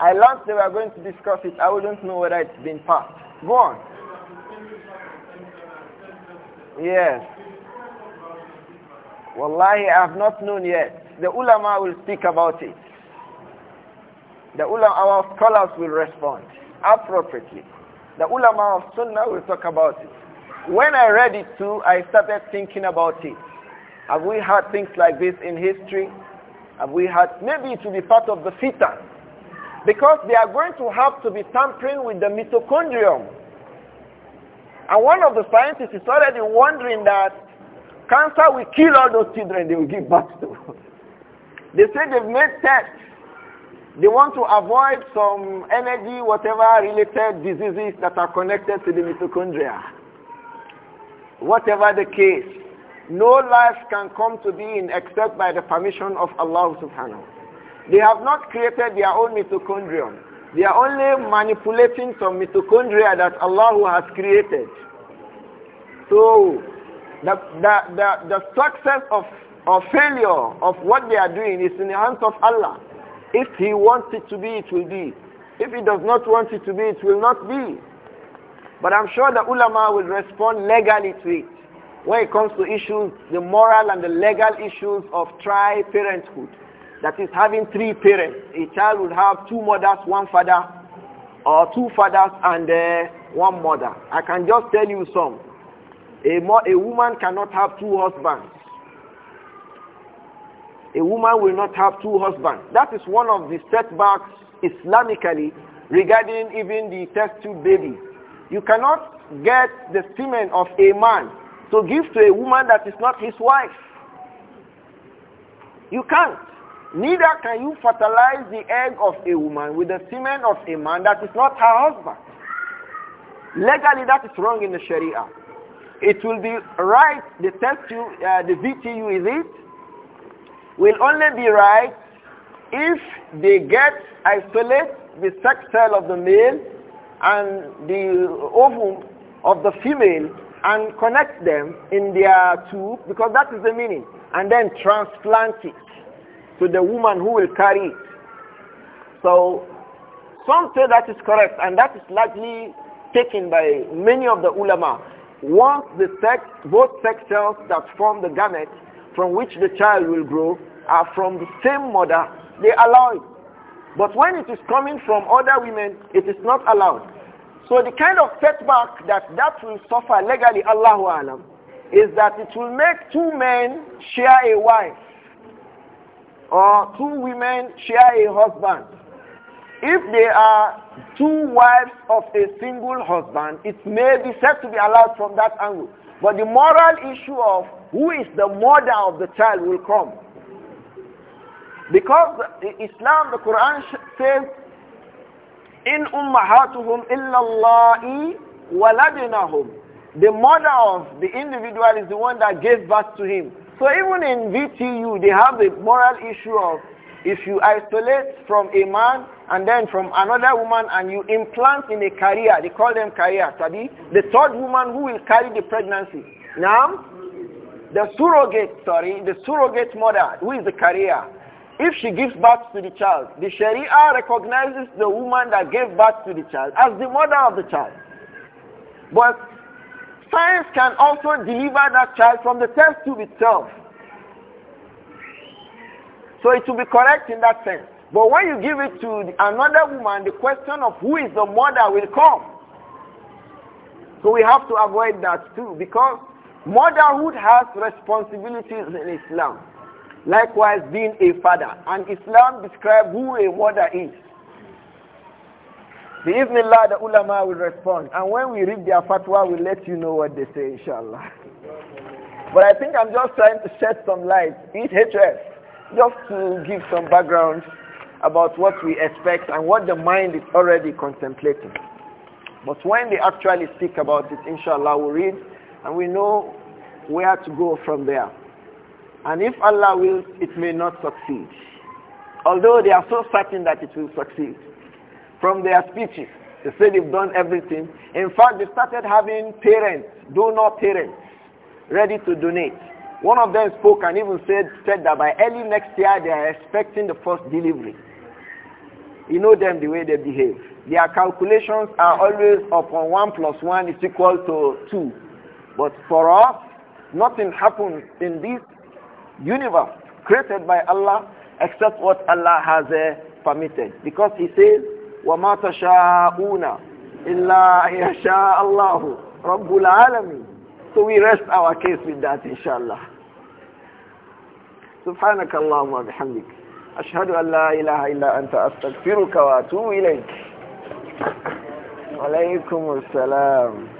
I learned they were going to discuss it. I wouldn't know whether it's been passed. Go on. Yes. Wallahi, I have not known yet. The ulama will speak about it. The ulama, our scholars will respond appropriately. The ulama of sunnah will talk about it. When I read it too, I started thinking about it. Have we had things like this in history? Have we had, maybe it will be part of the fitan because they are going to have to be tampering with the mitochondrium. And one of the scientists is already wondering that cancer will kill all those children they will give birth to. (laughs) they say they've made tests. They want to avoid some energy, whatever related diseases that are connected to the mitochondria. Whatever the case, no life can come to being except by the permission of Allah subhanahu they have not created their own mitochondria; They are only manipulating some mitochondria that Allah has created. So the, the, the, the success of, or failure of what they are doing is in the hands of Allah. If He wants it to be, it will be. If He does not want it to be, it will not be. But I'm sure the ulama will respond legally to it when it comes to issues, the moral and the legal issues of tri-parenthood. That is having three parents. A child would have two mothers, one father, or two fathers and uh, one mother. I can just tell you some. A, a woman cannot have two husbands. A woman will not have two husbands. That is one of the setbacks Islamically regarding even the test tube baby. You cannot get the semen of a man to give to a woman that is not his wife. You can't. Neither can you fertilize the egg of a woman with the semen of a man that is not her husband. Legally, that is wrong in the Sharia. It will be right, the test you, uh, the VTU is it, will only be right if they get, isolate the sex cell of the male and the ovum of the female and connect them in their tube, because that is the meaning, and then transplant it to the woman who will carry it. So some say that is correct and that is largely taken by many of the ulama. Once the sex, both sex cells that form the gamete from which the child will grow are from the same mother, they allow it. But when it is coming from other women, it is not allowed. So the kind of setback that that will suffer legally, Allahu Alam, is that it will make two men share a wife or two women share a husband. If they are two wives of a single husband, it may be said to be allowed from that angle. But the moral issue of who is the mother of the child will come. Because Islam, the Quran says, in ummahatuhum illallahi waladinahum. The mother of the individual is the one that gave birth to him. So even in VTU, they have the moral issue of if you isolate from a man and then from another woman and you implant in a carrier, they call them carrier, tabi, the third woman who will carry the pregnancy. Now, the surrogate, sorry, the surrogate mother, who is the carrier, if she gives birth to the child, the Sharia recognizes the woman that gave birth to the child as the mother of the child. But science can also deliver that child from the test tube itself. So it will be correct in that sense. But when you give it to another woman, the question of who is the mother will come. So we have to avoid that too because motherhood has responsibilities in Islam. Likewise, being a father. And Islam describes who a mother is. The Bi'ithnillah, the ulama will respond. And when we read their fatwa, we'll let you know what they say, inshallah. But I think I'm just trying to shed some light. It's HF. Just to give some background about what we expect and what the mind is already contemplating. But when they actually speak about it, inshallah, we read and we know where to go from there. And if Allah wills, it may not succeed. Although they are so certain that it will succeed from their speeches. They say they've done everything. In fact, they started having parents, donor parents, ready to donate. One of them spoke and even said, said that by early next year they are expecting the first delivery. You know them the way they behave. Their calculations are always upon 1 plus 1 is equal to 2. But for us, nothing happens in this universe created by Allah except what Allah has uh, permitted. Because he says, وما تشاءون إلا يشاء الله رب العالمين So we rest our case with that inshallah. سبحانك اللهم وبحمدك أشهد أن لا إله إلا أنت أستغفرك وأتوب إليك وعليكم السلام